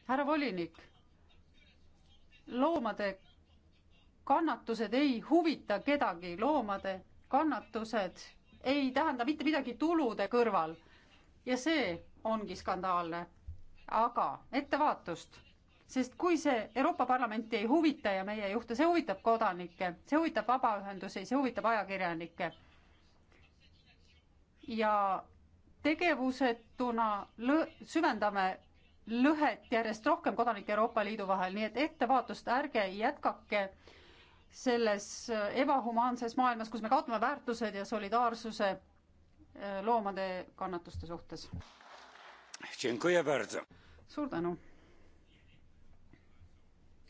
Speaker 1: härra volinik, loomade kannatused ei huvita kedagi, loomade kannatused ei tähenda mitte midagi tulude kõrval. ja see ongi skandaalne. aga ettevaatust sest kui see Euroopa Parlamenti ei huvita ja meie ei juhtu, see huvitab kodanikke, see huvitab vabaühendusi, see huvitab ajakirjanikke. ja tegevusetuna lõ-, süvendame lõhet järjest rohkem kodanike Euroopa Liidu vahel, nii et ettevaatust ärge jätkake selles äh, ebahumaanses maailmas, kus me kaotame väärtused ja solidaarsuse äh, loomade kannatuste suhtes. suur tänu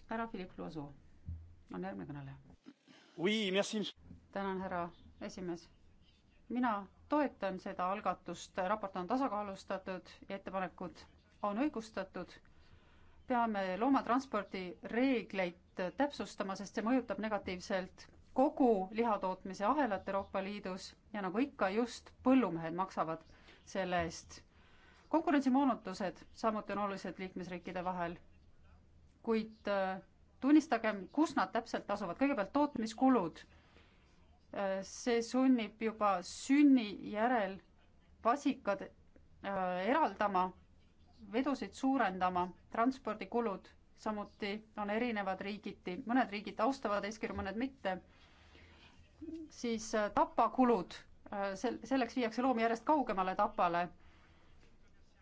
Speaker 1: härra Philip Luosu on järgmine kõneleja oui,. tänan, härra esimees. mina toetan seda algatust, raport on tasakaalustatud ja ettepanekud on õigustatud. peame loomatranspordi reegleid täpsustama, sest see mõjutab negatiivselt kogu lihatootmise ahelat Euroopa Liidus ja nagu ikka, just põllumehed maksavad selle eest. konkurentsimoonutused samuti on olulised liikmesriikide vahel kuid äh, tunnistagem, kus nad täpselt asuvad, kõigepealt tootmiskulud. Äh, see sunnib juba sünni järel vasikad äh, eraldama, vedusid suurendama, transpordikulud samuti on erinevad riigiti, mõned riigid austavad eeskirju, mõned mitte. siis tapakulud, sel-, selleks viiakse loomi järjest kaugemale tapale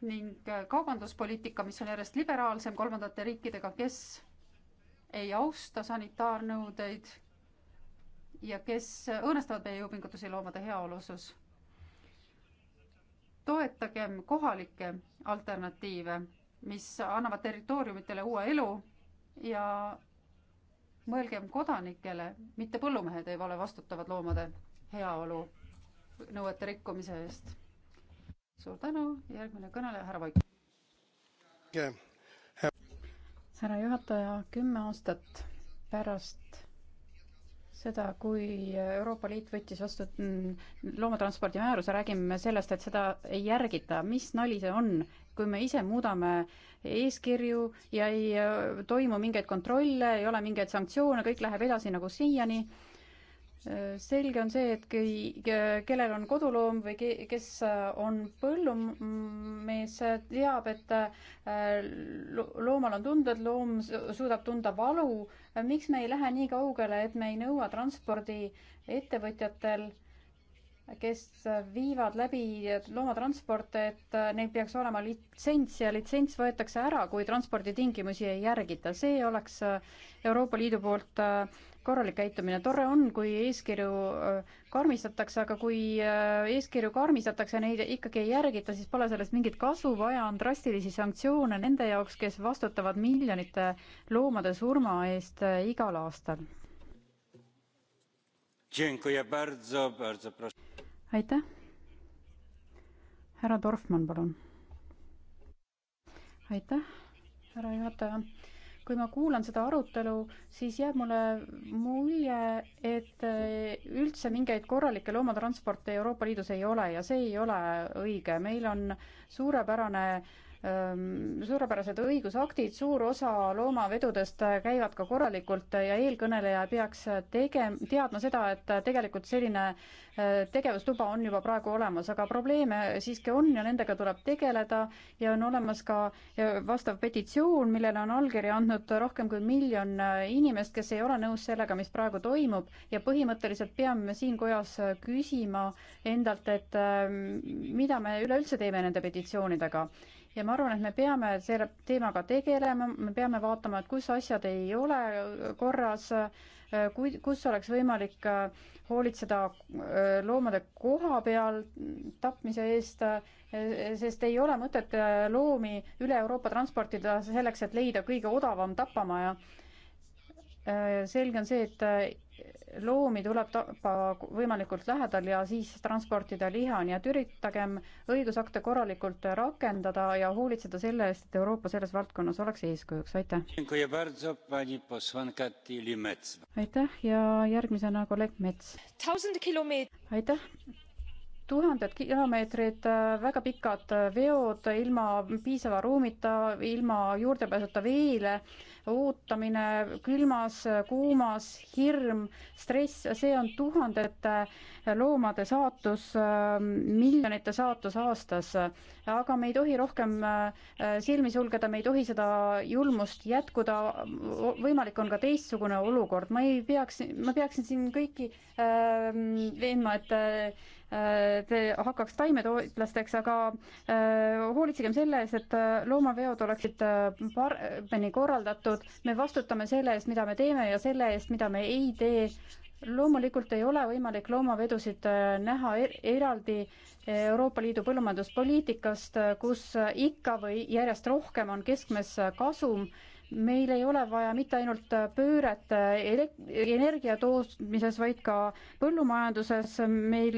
Speaker 1: ning äh, kaubanduspoliitika, mis on järjest liberaalsem kolmandate riikidega, kes ei austa sanitaarnõudeid ja kes õõnestavad meie jõupingutusi loomade heaolusus. toetagem kohalikke alternatiive, mis annavad territooriumitele uue elu ja mõelgem kodanikele, mitte põllumehed ei ole vastutavad loomade heaolu nõuete rikkumise eest suur tänu, järgmine kõneleja, härra Vaik yeah.. härra juhataja, kümme aastat pärast seda, kui Euroopa Liit võttis vastu loomatranspordi määruse, räägime me sellest, et seda ei järgita. mis nali see on, kui me ise muudame eeskirju ja ei äh, toimu mingeid kontrolle, ei ole mingeid sanktsioone, kõik läheb edasi nagu siiani selge on see, et kui, kellel on koduloom või ke, kes äh, on põllumees, äh, teab, et äh, loomal on tunded, loom suudab tunda valu. miks me ei lähe nii kaugele, et me ei nõua transpordiettevõtjatel, kes viivad läbi loomatransporte, et neil peaks olema litsents ja litsents võetakse ära, kui transporditingimusi ei järgita. see oleks Euroopa Liidu poolt äh, korralik käitumine. tore on, kui eeskirju äh, karmistatakse, aga kui äh, eeskirju karmistatakse ja neid ikkagi ei järgita, siis pole sellest mingit kasu, vaja on drastilisi sanktsioone nende jaoks, kes vastutavad miljonite loomade surma eest äh, igal aastal. aitäh. härra Dorfmann, palun. aitäh, härra juhataja kui ma kuulan seda arutelu, siis jääb mulle mulje, et äh, üldse mingeid korralikke loomatransporte Euroopa Liidus ei ole ja see ei ole õige. meil on suurepärane äh, Ehm, suurepärased õigusaktid, suur osa loomavedudest käivad ka korralikult ja eelkõneleja peaks tege-, teadma seda, et tegelikult selline eh, tegevusluba on juba praegu olemas, aga probleeme siiski on ja nendega tuleb tegeleda ja on olemas ka eh, vastav petitsioon, millele on allkirja andnud rohkem kui miljon eh, inimest, kes ei ole nõus sellega, mis praegu toimub ja põhimõtteliselt peame me siin kojas küsima endalt, et ehm, mida me üleüldse teeme nende petitsioonidega ja ma arvan, et me peame selle teemaga tegelema, me peame vaatama, et kus asjad ei ole korras, kui, kus oleks võimalik äh, hoolitseda äh, loomade koha peal tapmise eest, äh, sest ei ole mõtet loomi üle Euroopa transportida selleks, et leida kõige odavam tapamaja selge on see, et loomi tuleb tappa võimalikult lähedal ja siis transportida liha, nii et üritagem õigusakte korralikult rakendada ja hoolitseda selle eest, et Euroopa selles valdkonnas oleks eeskujuks, aitäh. aitäh ja järgmisena kolleeg Mets. aitäh tuhanded kilomeetrid, äh, väga pikad äh, veod ilma piisava ruumita, ilma juurdepääsuta veele, ootamine külmas, kuumas, hirm, stress, see on tuhandete äh, loomade saatus, miljonite saatus aastas. aga me ei tohi rohkem silmi sulgeda, me ei tohi seda julmust jätkuda, võimalik on ka teistsugune olukord, ma ei peaks, ma peaksin siin kõiki veenma, et Äh, hakkaks taimetoitlasteks, aga äh, hoolitsegem selle eest, et äh, loomaveod oleksid paremini korraldatud, me vastutame selle eest, mida me teeme ja selle eest, mida me ei tee loomulikult ei ole võimalik loomavedusid näha er eraldi Euroopa Liidu põllumajanduspoliitikast, kus ikka või järjest rohkem on keskmes kasum meil ei ole vaja mitte ainult pööret energia tootmises, vaid ka põllumajanduses, meil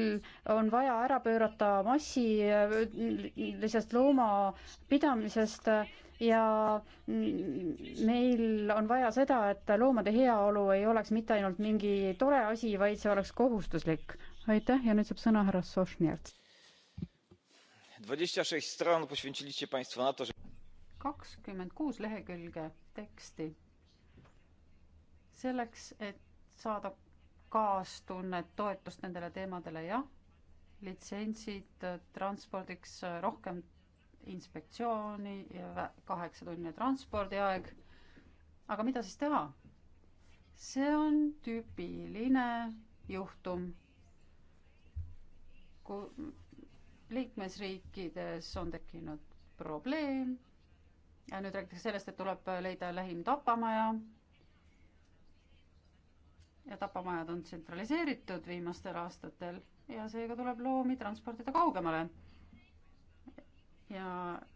Speaker 1: on vaja ära pöörata massilisest loomapidamisest ja meil on vaja seda, et loomade heaolu ei oleks mitte ainult mingi tore asi, vaid see oleks kohustuslik. aitäh ja nüüd saab sõna härra Sošnjärv.
Speaker 3: dwadzieścia sześć stron poświęciliście państwo na to, że
Speaker 1: kakskümmend kuus lehekülge teksti selleks, et saada kaastunnet, toetust nendele teemadele, jah, litsentsid transpordiks, rohkem inspektsiooni ja kaheksatunnine transpordiaeg. aga mida siis teha? see on tüüpiline juhtum, kui liikmesriikides on tekkinud probleem ja nüüd räägitakse sellest, et tuleb leida lähim tapamaja. ja tapamajad on tsentraliseeritud viimastel aastatel ja seega tuleb loomi transportida kaugemale. ja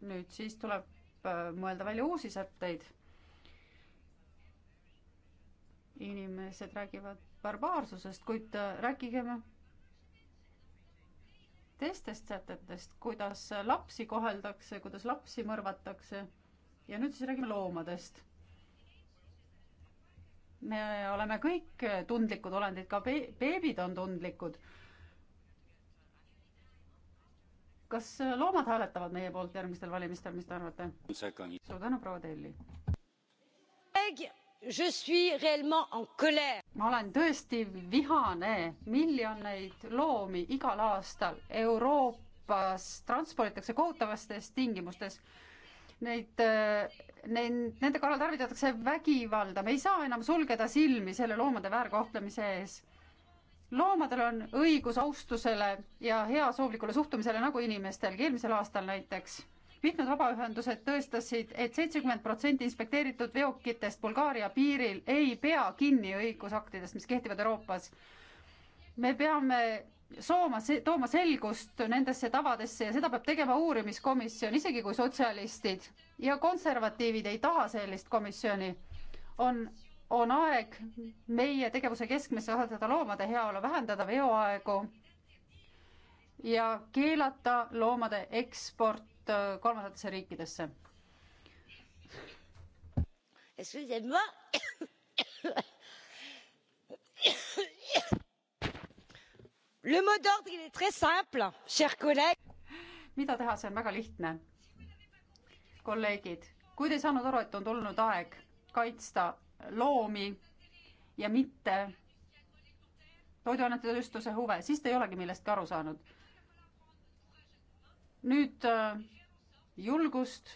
Speaker 1: nüüd siis tuleb äh, mõelda välja uusi sätteid. inimesed räägivad barbaarsusest, kuid äh, rääkigem teistest sätetest, kuidas lapsi koheldakse, kuidas lapsi mõrvatakse ja nüüd siis räägime loomadest. me oleme kõik tundlikud olendid, ka beebid on tundlikud. kas loomad hääletavad meie poolt järgmistel valimistel, mis te arvate? suur tänu, proua Telli. Je suis réellement en colère. ma olen tõesti vihane, miljoneid loomi igal aastal Euroopas transporditakse kohutavastes tingimustes neid, neid, nende kallal tarvitatakse vägivalda, me ei saa enam sulgeda silmi selle loomade väärkohtlemise ees. loomadel on õigus austusele ja heasoovlikule suhtumisele nagu inimestelgi, eelmisel aastal näiteks mitmed vabaühendused tõestasid et, et seitsekümmend protsenti inspekteeritud veokitest Bulgaaria piiril ei pea kinni õigusaktidest, mis kehtivad Euroopas. me peame sooma, tooma selgust nendesse tavadesse ja seda peab tegema uurimiskomisjon, isegi kui sotsialistid ja konservatiivid ei taha sellist komisjoni, on, on aeg meie tegevuse keskmesse asetada loomade heaolu, vähendada veoaegu ja keelata loomade eksport äh, kolmandatesse riikidesse. Excusez-moi mida teha, see on väga lihtne. kolleegid, kui te ei saanud aru, et on tulnud aeg kaitsta loomi ja mitte toiduainete tööstuse huve, siis te ei olegi millestki aru saanud. nüüd äh, julgust,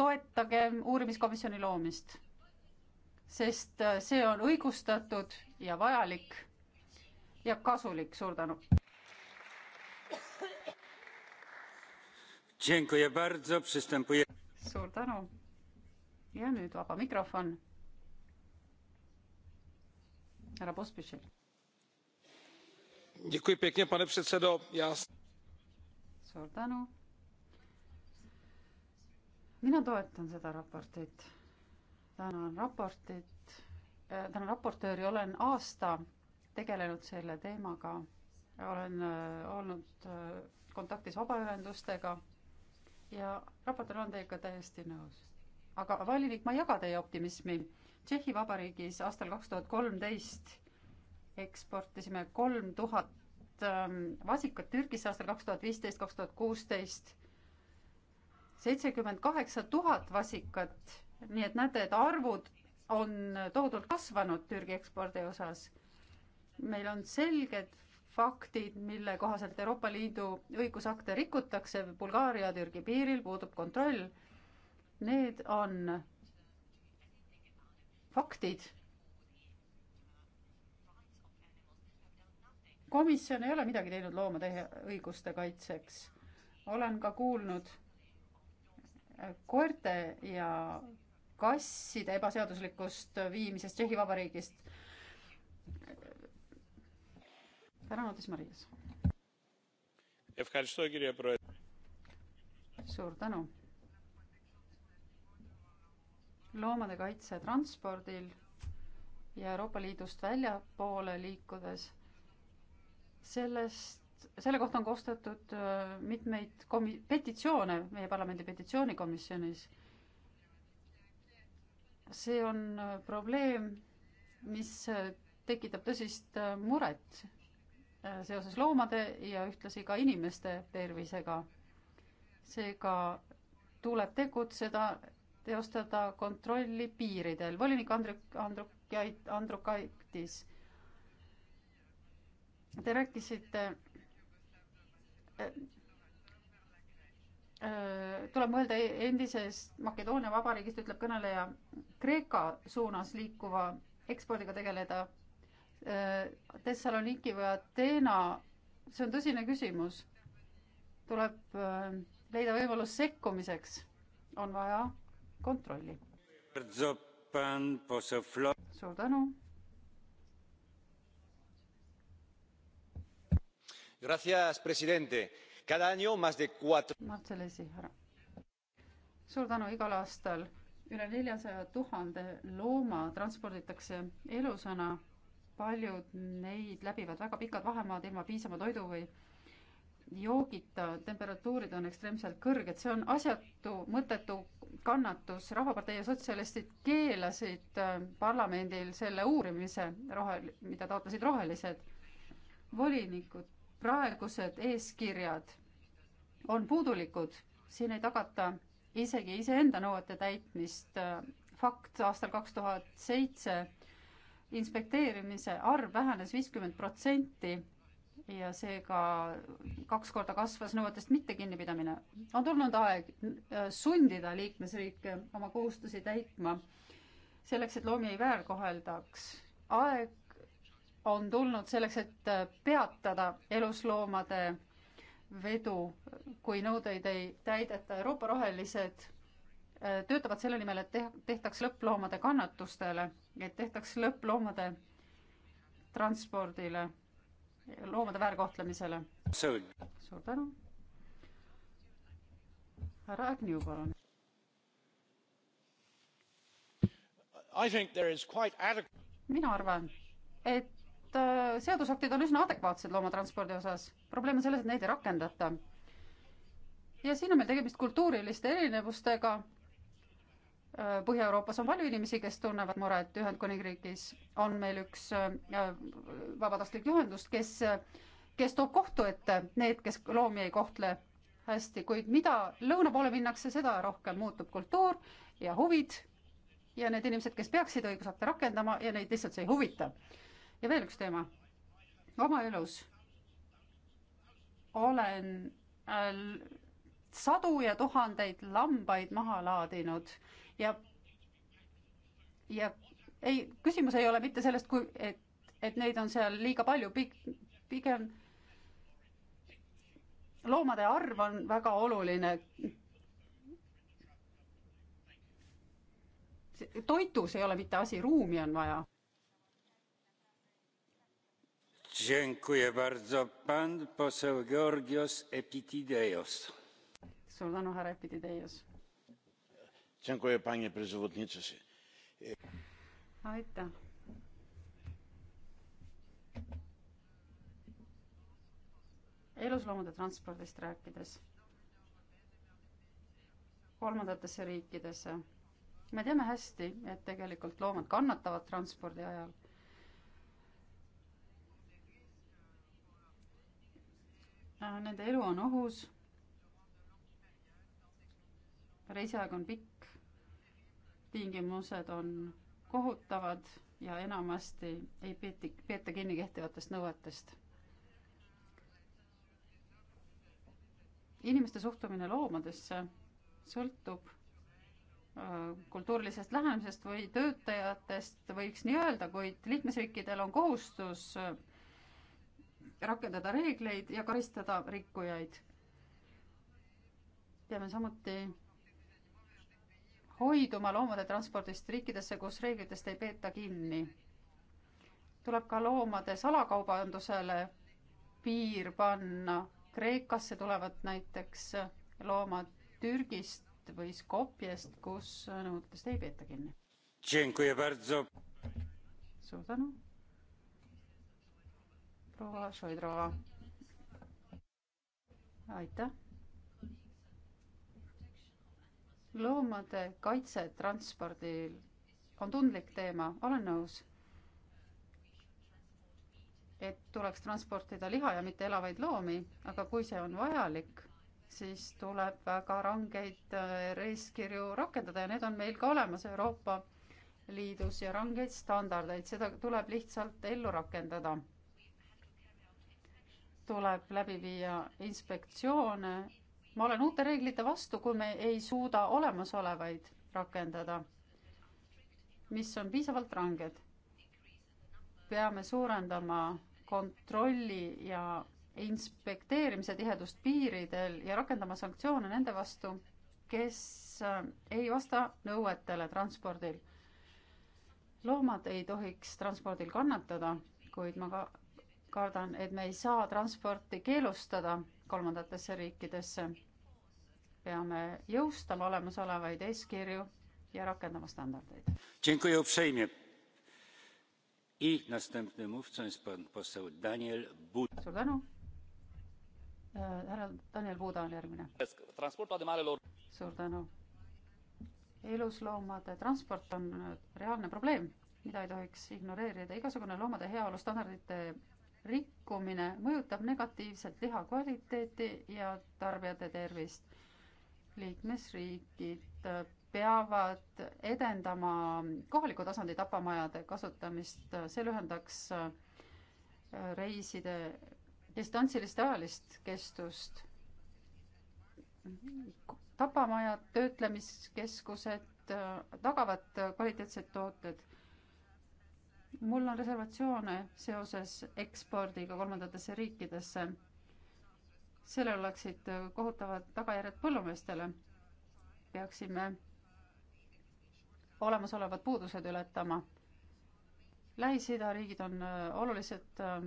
Speaker 1: toetage uurimiskomisjoni loomist, sest äh, see on õigustatud ja vajalik ja kasulik, suur tänu. suur tänu. ja nüüd vaba mikrofon. härra Pospišil. suur tänu. mina toetan seda raportit. tänan raportit, tänan raportööri, olen aasta tegelenud selle teemaga, olen äh, olnud äh, kontaktis vabaühendustega ja raportöör on teiega täiesti nõus. aga volinik, ma ei jaga teie optimismi. Tšehhi Vabariigis aastal kaks tuhat kolmteist eksportisime kolm tuhat ähm, vasikat Türgisse aastal kaks tuhat viisteist, kaks tuhat kuusteist seitsekümmend kaheksa tuhat vasikat, nii et näete, et arvud on tohutult kasvanud Türgi ekspordi osas meil on selged faktid, mille kohaselt Euroopa Liidu õigusakte rikutakse, Bulgaaria-Türgi piiril puudub kontroll. Need on faktid. komisjon ei ole midagi teinud loomade õiguste kaitseks. olen ka kuulnud äh, koerte ja kasside ebaseaduslikust viimisest Tšehhi Vabariigist härra Notis Marias. suur tänu. loomade kaitse transpordil ja Euroopa Liidust väljapoole liikudes, sellest selle kohta on koostatud äh, mitmeid komi-, petitsioone meie parlamendi petitsioonikomisjonis. see on äh, probleem, mis äh, tekitab tõsist muret Äh, seoses loomade ja ühtlasi ka inimeste tervisega. seega tuleb tegutseda, teostada kontrolli piiridel. volinik Andrek, Andruk-, Andrukaitis, te rääkisite äh, äh, tuleb mõelda e-, endisest Makedoonia vabariigist, ütleb kõneleja, Kreeka suunas liikuva ekspordiga tegeleda Äh, Thessaloniki või Ateena, see on tõsine küsimus. tuleb äh, leida võimalus sekkumiseks, on vaja kontrolli. suur tänu.
Speaker 3: Gracias, presidente. Cada año más de cuatro.
Speaker 1: Marcellesi, härra. suur tänu, igal aastal üle neljasaja tuhande looma transporditakse elusana paljud neid läbivad väga pikad vahemaad ilma piisava toidu või joogita, temperatuurid on ekstreemselt kõrged, see on asjatu, mõttetu kannatus, Rahvapartei ja sotsialistid keelasid äh, parlamendil selle uurimise, rohe, mida taotlesid rohelised volinikud. praegused eeskirjad on puudulikud, siin ei tagata isegi iseenda nõuete täitmist. Äh, fakt aastal kaks tuhat seitse inspekteerimise arv vähenes viiskümmend protsenti ja seega kaks korda kasvas nõuetest mitte kinnipidamine. on tulnud aeg äh, sundida liikmesriike oma kohustusi täitma, selleks et loomi ei väärkoheldaks. aeg on tulnud selleks, et äh, peatada elusloomade vedu, kui nõudeid ei täideta. Euroopa rohelised töötavad selle nimel, et tehtaks lõpp loomade kannatustele, et tehtaks lõpp loomade transpordile, loomade väärkohtlemisele. suur tänu. härra Agniu, palun. mina arvan, et äh, seadusaktid on üsna adekvaatsed loomatranspordi osas. probleem on selles, et neid ei rakendata. ja siin on meil tegemist kultuuriliste erinevustega Põhja-Euroopas on palju inimesi, kes tunnevad muret, Ühendkuningriigis on meil üks äh, vabatahtlik ühendus, kes, kes toob kohtu ette need, kes loomi ei kohtle hästi, kuid mida lõuna poole minnakse, seda rohkem muutub kultuur ja huvid ja need inimesed, kes peaksid õigusakte rakendama ja neid lihtsalt see ei huvita. ja veel üks teema. oma elus olen äh, sadu ja tuhandeid lambaid maha laadinud ja, ja ei, küsimus ei ole mitte sellest, kui, et, et neid on seal liiga palju, pigem loomade arv on väga oluline. toitus ei ole mitte asi, ruumi on vaja.
Speaker 3: suur
Speaker 1: tänu, härra Epitideios aitäh. elusloomade transpordist rääkides, kolmandatesse riikidesse. me teame hästi, et tegelikult loomad kannatavad transpordi ajal. Nende elu on ohus. reisiaeg on pikk tingimused on kohutavad ja enamasti ei peeti, peeta kinni kehtivatest nõuetest. inimeste suhtumine loomadesse sõltub äh, kultuurilisest lähenemisest või töötajatest võiks nii öelda, kuid liikmesriikidel on kohustus äh, rakendada reegleid ja karistada rikkujaid. peame samuti hoiduma loomade transpordist riikidesse, kus reeglitest ei peeta kinni. tuleb ka loomade salakaubandusele piir panna. Kreekasse tulevad näiteks loomad Türgist või Skopjest, kus nõudest ei peeta kinni. suur tänu. proua Šoidrova. aitäh loomade kaitse transpordil on tundlik teema, olen nõus. et tuleks transportida liha ja mitte elavaid loomi, aga kui see on vajalik, siis tuleb väga rangeid reiskirju äh, rakendada ja need on meil ka olemas Euroopa Liidus ja rangeid standardeid, seda tuleb lihtsalt ellu rakendada. tuleb läbi viia inspektsioone ma olen uute reeglite vastu, kui me ei suuda olemasolevaid rakendada, mis on piisavalt ranged. peame suurendama kontrolli ja inspekteerimise tihedust piiridel ja rakendama sanktsioone nende vastu, kes äh, ei vasta nõuetele transpordil. loomad ei tohiks transpordil kannatada, kuid ma ka kardan, et me ei saa transporti keelustada kolmandatesse riikidesse peame jõustama olemasolevaid eeskirju ja rakendama standardeid. suur tänu. Äh, härra Daniel Buda on järgmine. suur tänu. elusloomade transport on äh, reaalne probleem, mida ei tohiks ignoreerida. igasugune loomade heaolu standardite rikkumine mõjutab negatiivselt liha kvaliteeti ja tarbijate tervist liikmesriigid äh, peavad edendama kohaliku tasandi tapamajade kasutamist, äh, see lühendaks äh, reiside distantsilist ajalist kestust. tapamajad, töötlemiskeskused tagavad kvaliteetsed tooted. mul on reservatsioone seoses ekspordiga kolmandatesse riikidesse sellel oleksid kohutavad tagajärjed põllumeestele. peaksime olemasolevad puudused ületama. Lähis-Ida riigid on äh, olulised äh,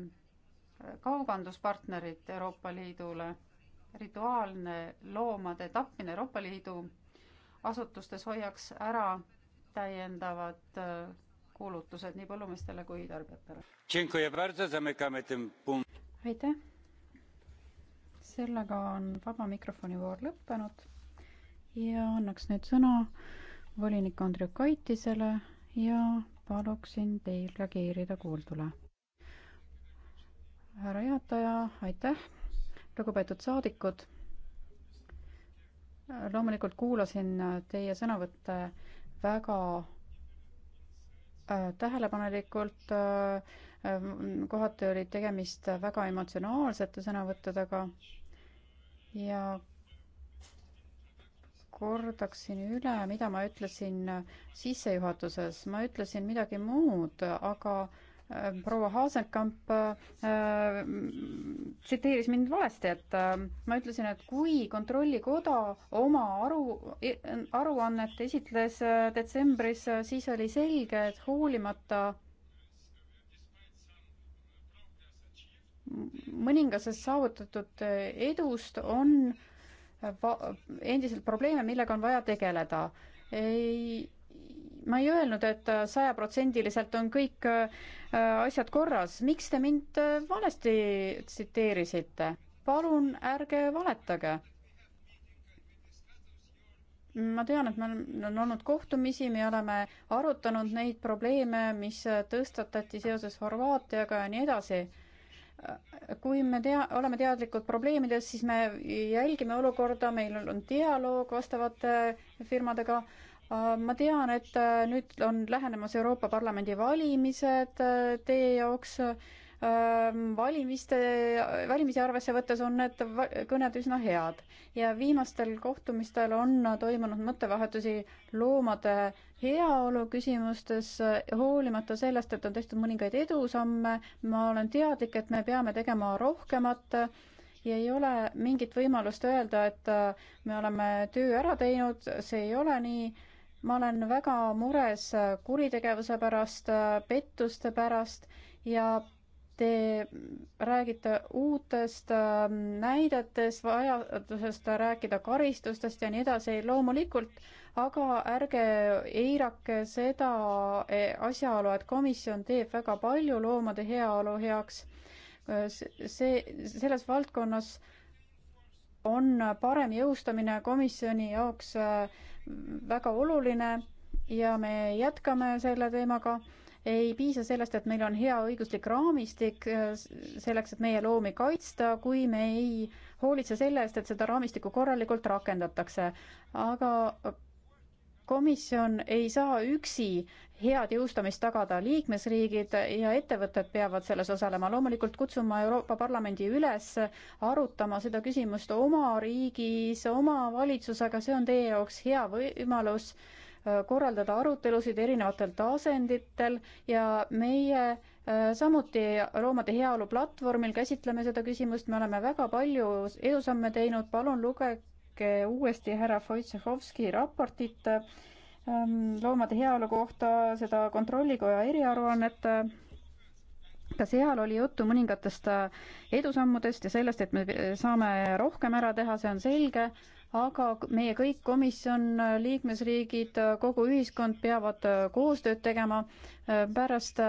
Speaker 1: kaubanduspartnerid Euroopa Liidule. rituaalne loomade tapmine Euroopa Liidu asutustes hoiaks ära täiendavad äh, kulutused nii põllumeestele kui tarbijatele. aitäh! sellega on vaba mikrofoni voor lõppenud ja annaks nüüd sõna volinik Andriukaitisele ja paluksin teil reageerida kuuldule. härra juhataja, aitäh, lugupeetud saadikud. loomulikult kuulasin teie sõnavõtte väga Äh, tähelepanelikult, äh, kohati oli tegemist väga emotsionaalsete sõnavõttudega ja kordaksin üle, mida ma ütlesin sissejuhatuses, ma ütlesin midagi muud, aga äh, proua Haasenkamp äh, tsiteeris mind valesti, et äh, ma ütlesin, et kui Kontrollikoda oma aru, aruannet esitles äh, detsembris, siis oli selge, et hoolimata mõningasest saavutatud edust on endiselt probleeme, millega on vaja tegeleda. ei ma ei öelnud et, et äh, sajaprotsendiliselt on kõik äh, asjad korras. miks te mind äh, valesti tsiteerisite? palun ärge valetage. ma tean, et meil on olnud kohtumisi, me oleme arutanud neid probleeme, mis tõstatati seoses Horvaatiaga ja nii edasi kui me tea, oleme teadlikud probleemidest, siis me jälgime olukorda, meil on dialoog vastavate firmadega Äh, ma tean, et äh, nüüd on lähenemas Euroopa Parlamendi valimised äh, teie jaoks valimiste, valimisi arvesse võttes on need kõned üsna head ja viimastel kohtumistel on toimunud mõttevahetusi loomade heaolu küsimustes, hoolimata sellest, et on tehtud mõningaid edusamme, ma olen teadlik, et me peame tegema rohkemat ja ei ole mingit võimalust öelda, et me oleme töö ära teinud, see ei ole nii ma olen väga mures äh, kuritegevuse pärast, äh, pettuste pärast ja te räägite uutest äh, näidetest, vajadusest rääkida karistustest ja nii edasi, loomulikult, aga ärge eirake seda e, asjaolu, et komisjon teeb väga palju loomade heaolu heaks. see, selles valdkonnas äh, on parem jõustamine komisjoni jaoks äh, väga oluline ja me jätkame selle teemaga. ei piisa sellest, et meil on hea õiguslik raamistik äh, selleks, et meie loomi kaitsta, kui me ei hoolitse selle eest, et seda raamistikku korralikult rakendatakse. aga komisjon ei saa üksi head jõustamist tagada, liikmesriigid ja ettevõtted peavad selles osalema. loomulikult kutsun ma Euroopa Parlamendi üles arutama seda küsimust oma riigis, oma valitsusega, see on teie jaoks hea võimalus äh, korraldada arutelusid erinevatel tasanditel ja meie äh, samuti Loomade Heaolu platvormil käsitleme seda küsimust, me oleme väga palju edusamme teinud, palun luge-, uuesti härra Wojciechowski raportit ähm, loomade heaolu kohta, seda Kontrollikoja eriaruannet. ka seal oli juttu mõningatest äh, edusammudest ja sellest, et me äh, saame rohkem ära teha, see on selge, aga meie kõik komisjon, äh, liikmesriigid, kogu ühiskond peavad koostööd tegema pärast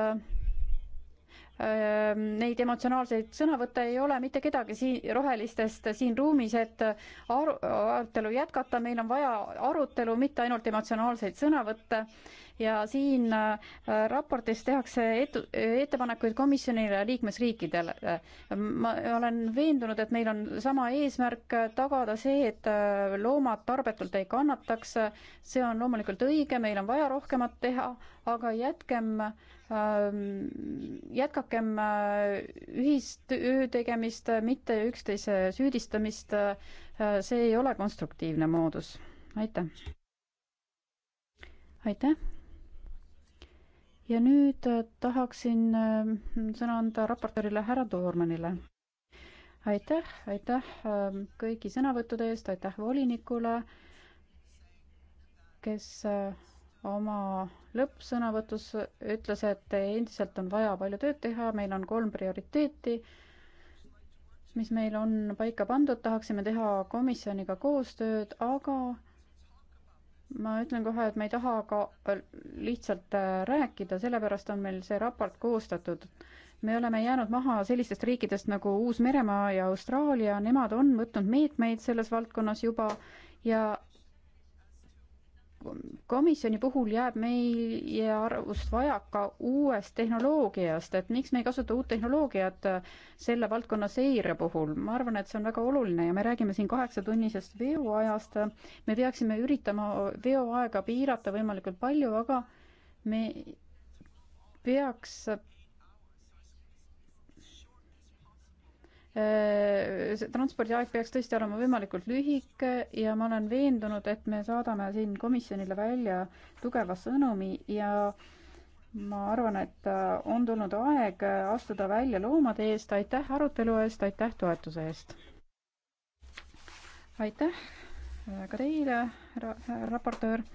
Speaker 1: neid emotsionaalseid sõnavõtte ei ole mitte kedagi siin rohelistest siin ruumis, et aru, arutelu jätkata, meil on vaja arutelu, mitte ainult emotsionaalseid sõnavõtte ja siin äh, raportis tehakse etu, ettepanekuid komisjonile ja liikmesriikidele. ma olen veendunud, et meil on sama eesmärk äh, tagada see, et äh, loomad tarbetult ei kannataks, see on loomulikult õige, meil on vaja rohkemat teha, aga jätkem ähm, jätkakem ühistöö tegemist, mitte üksteise süüdistamist, see ei ole konstruktiivne moodus. aitäh! aitäh! ja nüüd äh, tahaksin äh, sõna anda raportöörile härra Toormanile. aitäh, aitäh ähm, kõigi sõnavõttude eest, aitäh volinikule, kes äh, oma lõppsõnavõtus ütles, et endiselt on vaja palju tööd teha, meil on kolm prioriteeti, mis meil on paika pandud, tahaksime teha komisjoniga koostööd, aga ma ütlen kohe, et me ei taha ka äh, lihtsalt äh, rääkida, sellepärast on meil see raport koostatud. me oleme jäänud maha sellistest riikidest nagu Uus-Meremaa ja Austraalia, nemad on võtnud meetmeid selles valdkonnas juba ja komisjoni puhul jääb meie arvust vajaka uuest tehnoloogiast, et miks me ei kasuta uut tehnoloogiat selle valdkonna seire puhul. ma arvan, et see on väga oluline ja me räägime siin kaheksatunnisest veoajast. me peaksime üritama veoaega piirata võimalikult palju, aga me peaks Äh, transpordiaeg peaks tõesti olema võimalikult lühike ja ma olen veendunud, et me saadame siin komisjonile välja tugeva sõnumi ja ma arvan, et äh, on tulnud aeg äh, astuda välja loomade eest, aitäh arutelu eest, aitäh toetuse eest! aitäh ka teile ra, raportöör!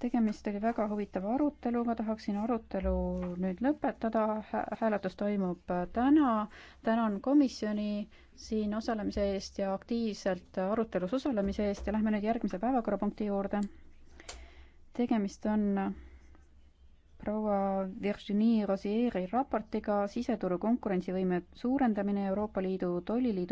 Speaker 1: tegemist oli väga huvitava aruteluga, tahaksin arutelu nüüd lõpetada, hääletus toimub täna, tänan komisjoni siin osalemise eest ja aktiivselt arutelus osalemise eest ja lähme nüüd järgmise päevakorrapunkti juurde. tegemist on proua Virginie Rosieri raportiga Siseturu konkurentsivõime suurendamine Euroopa Liidu tolliliidu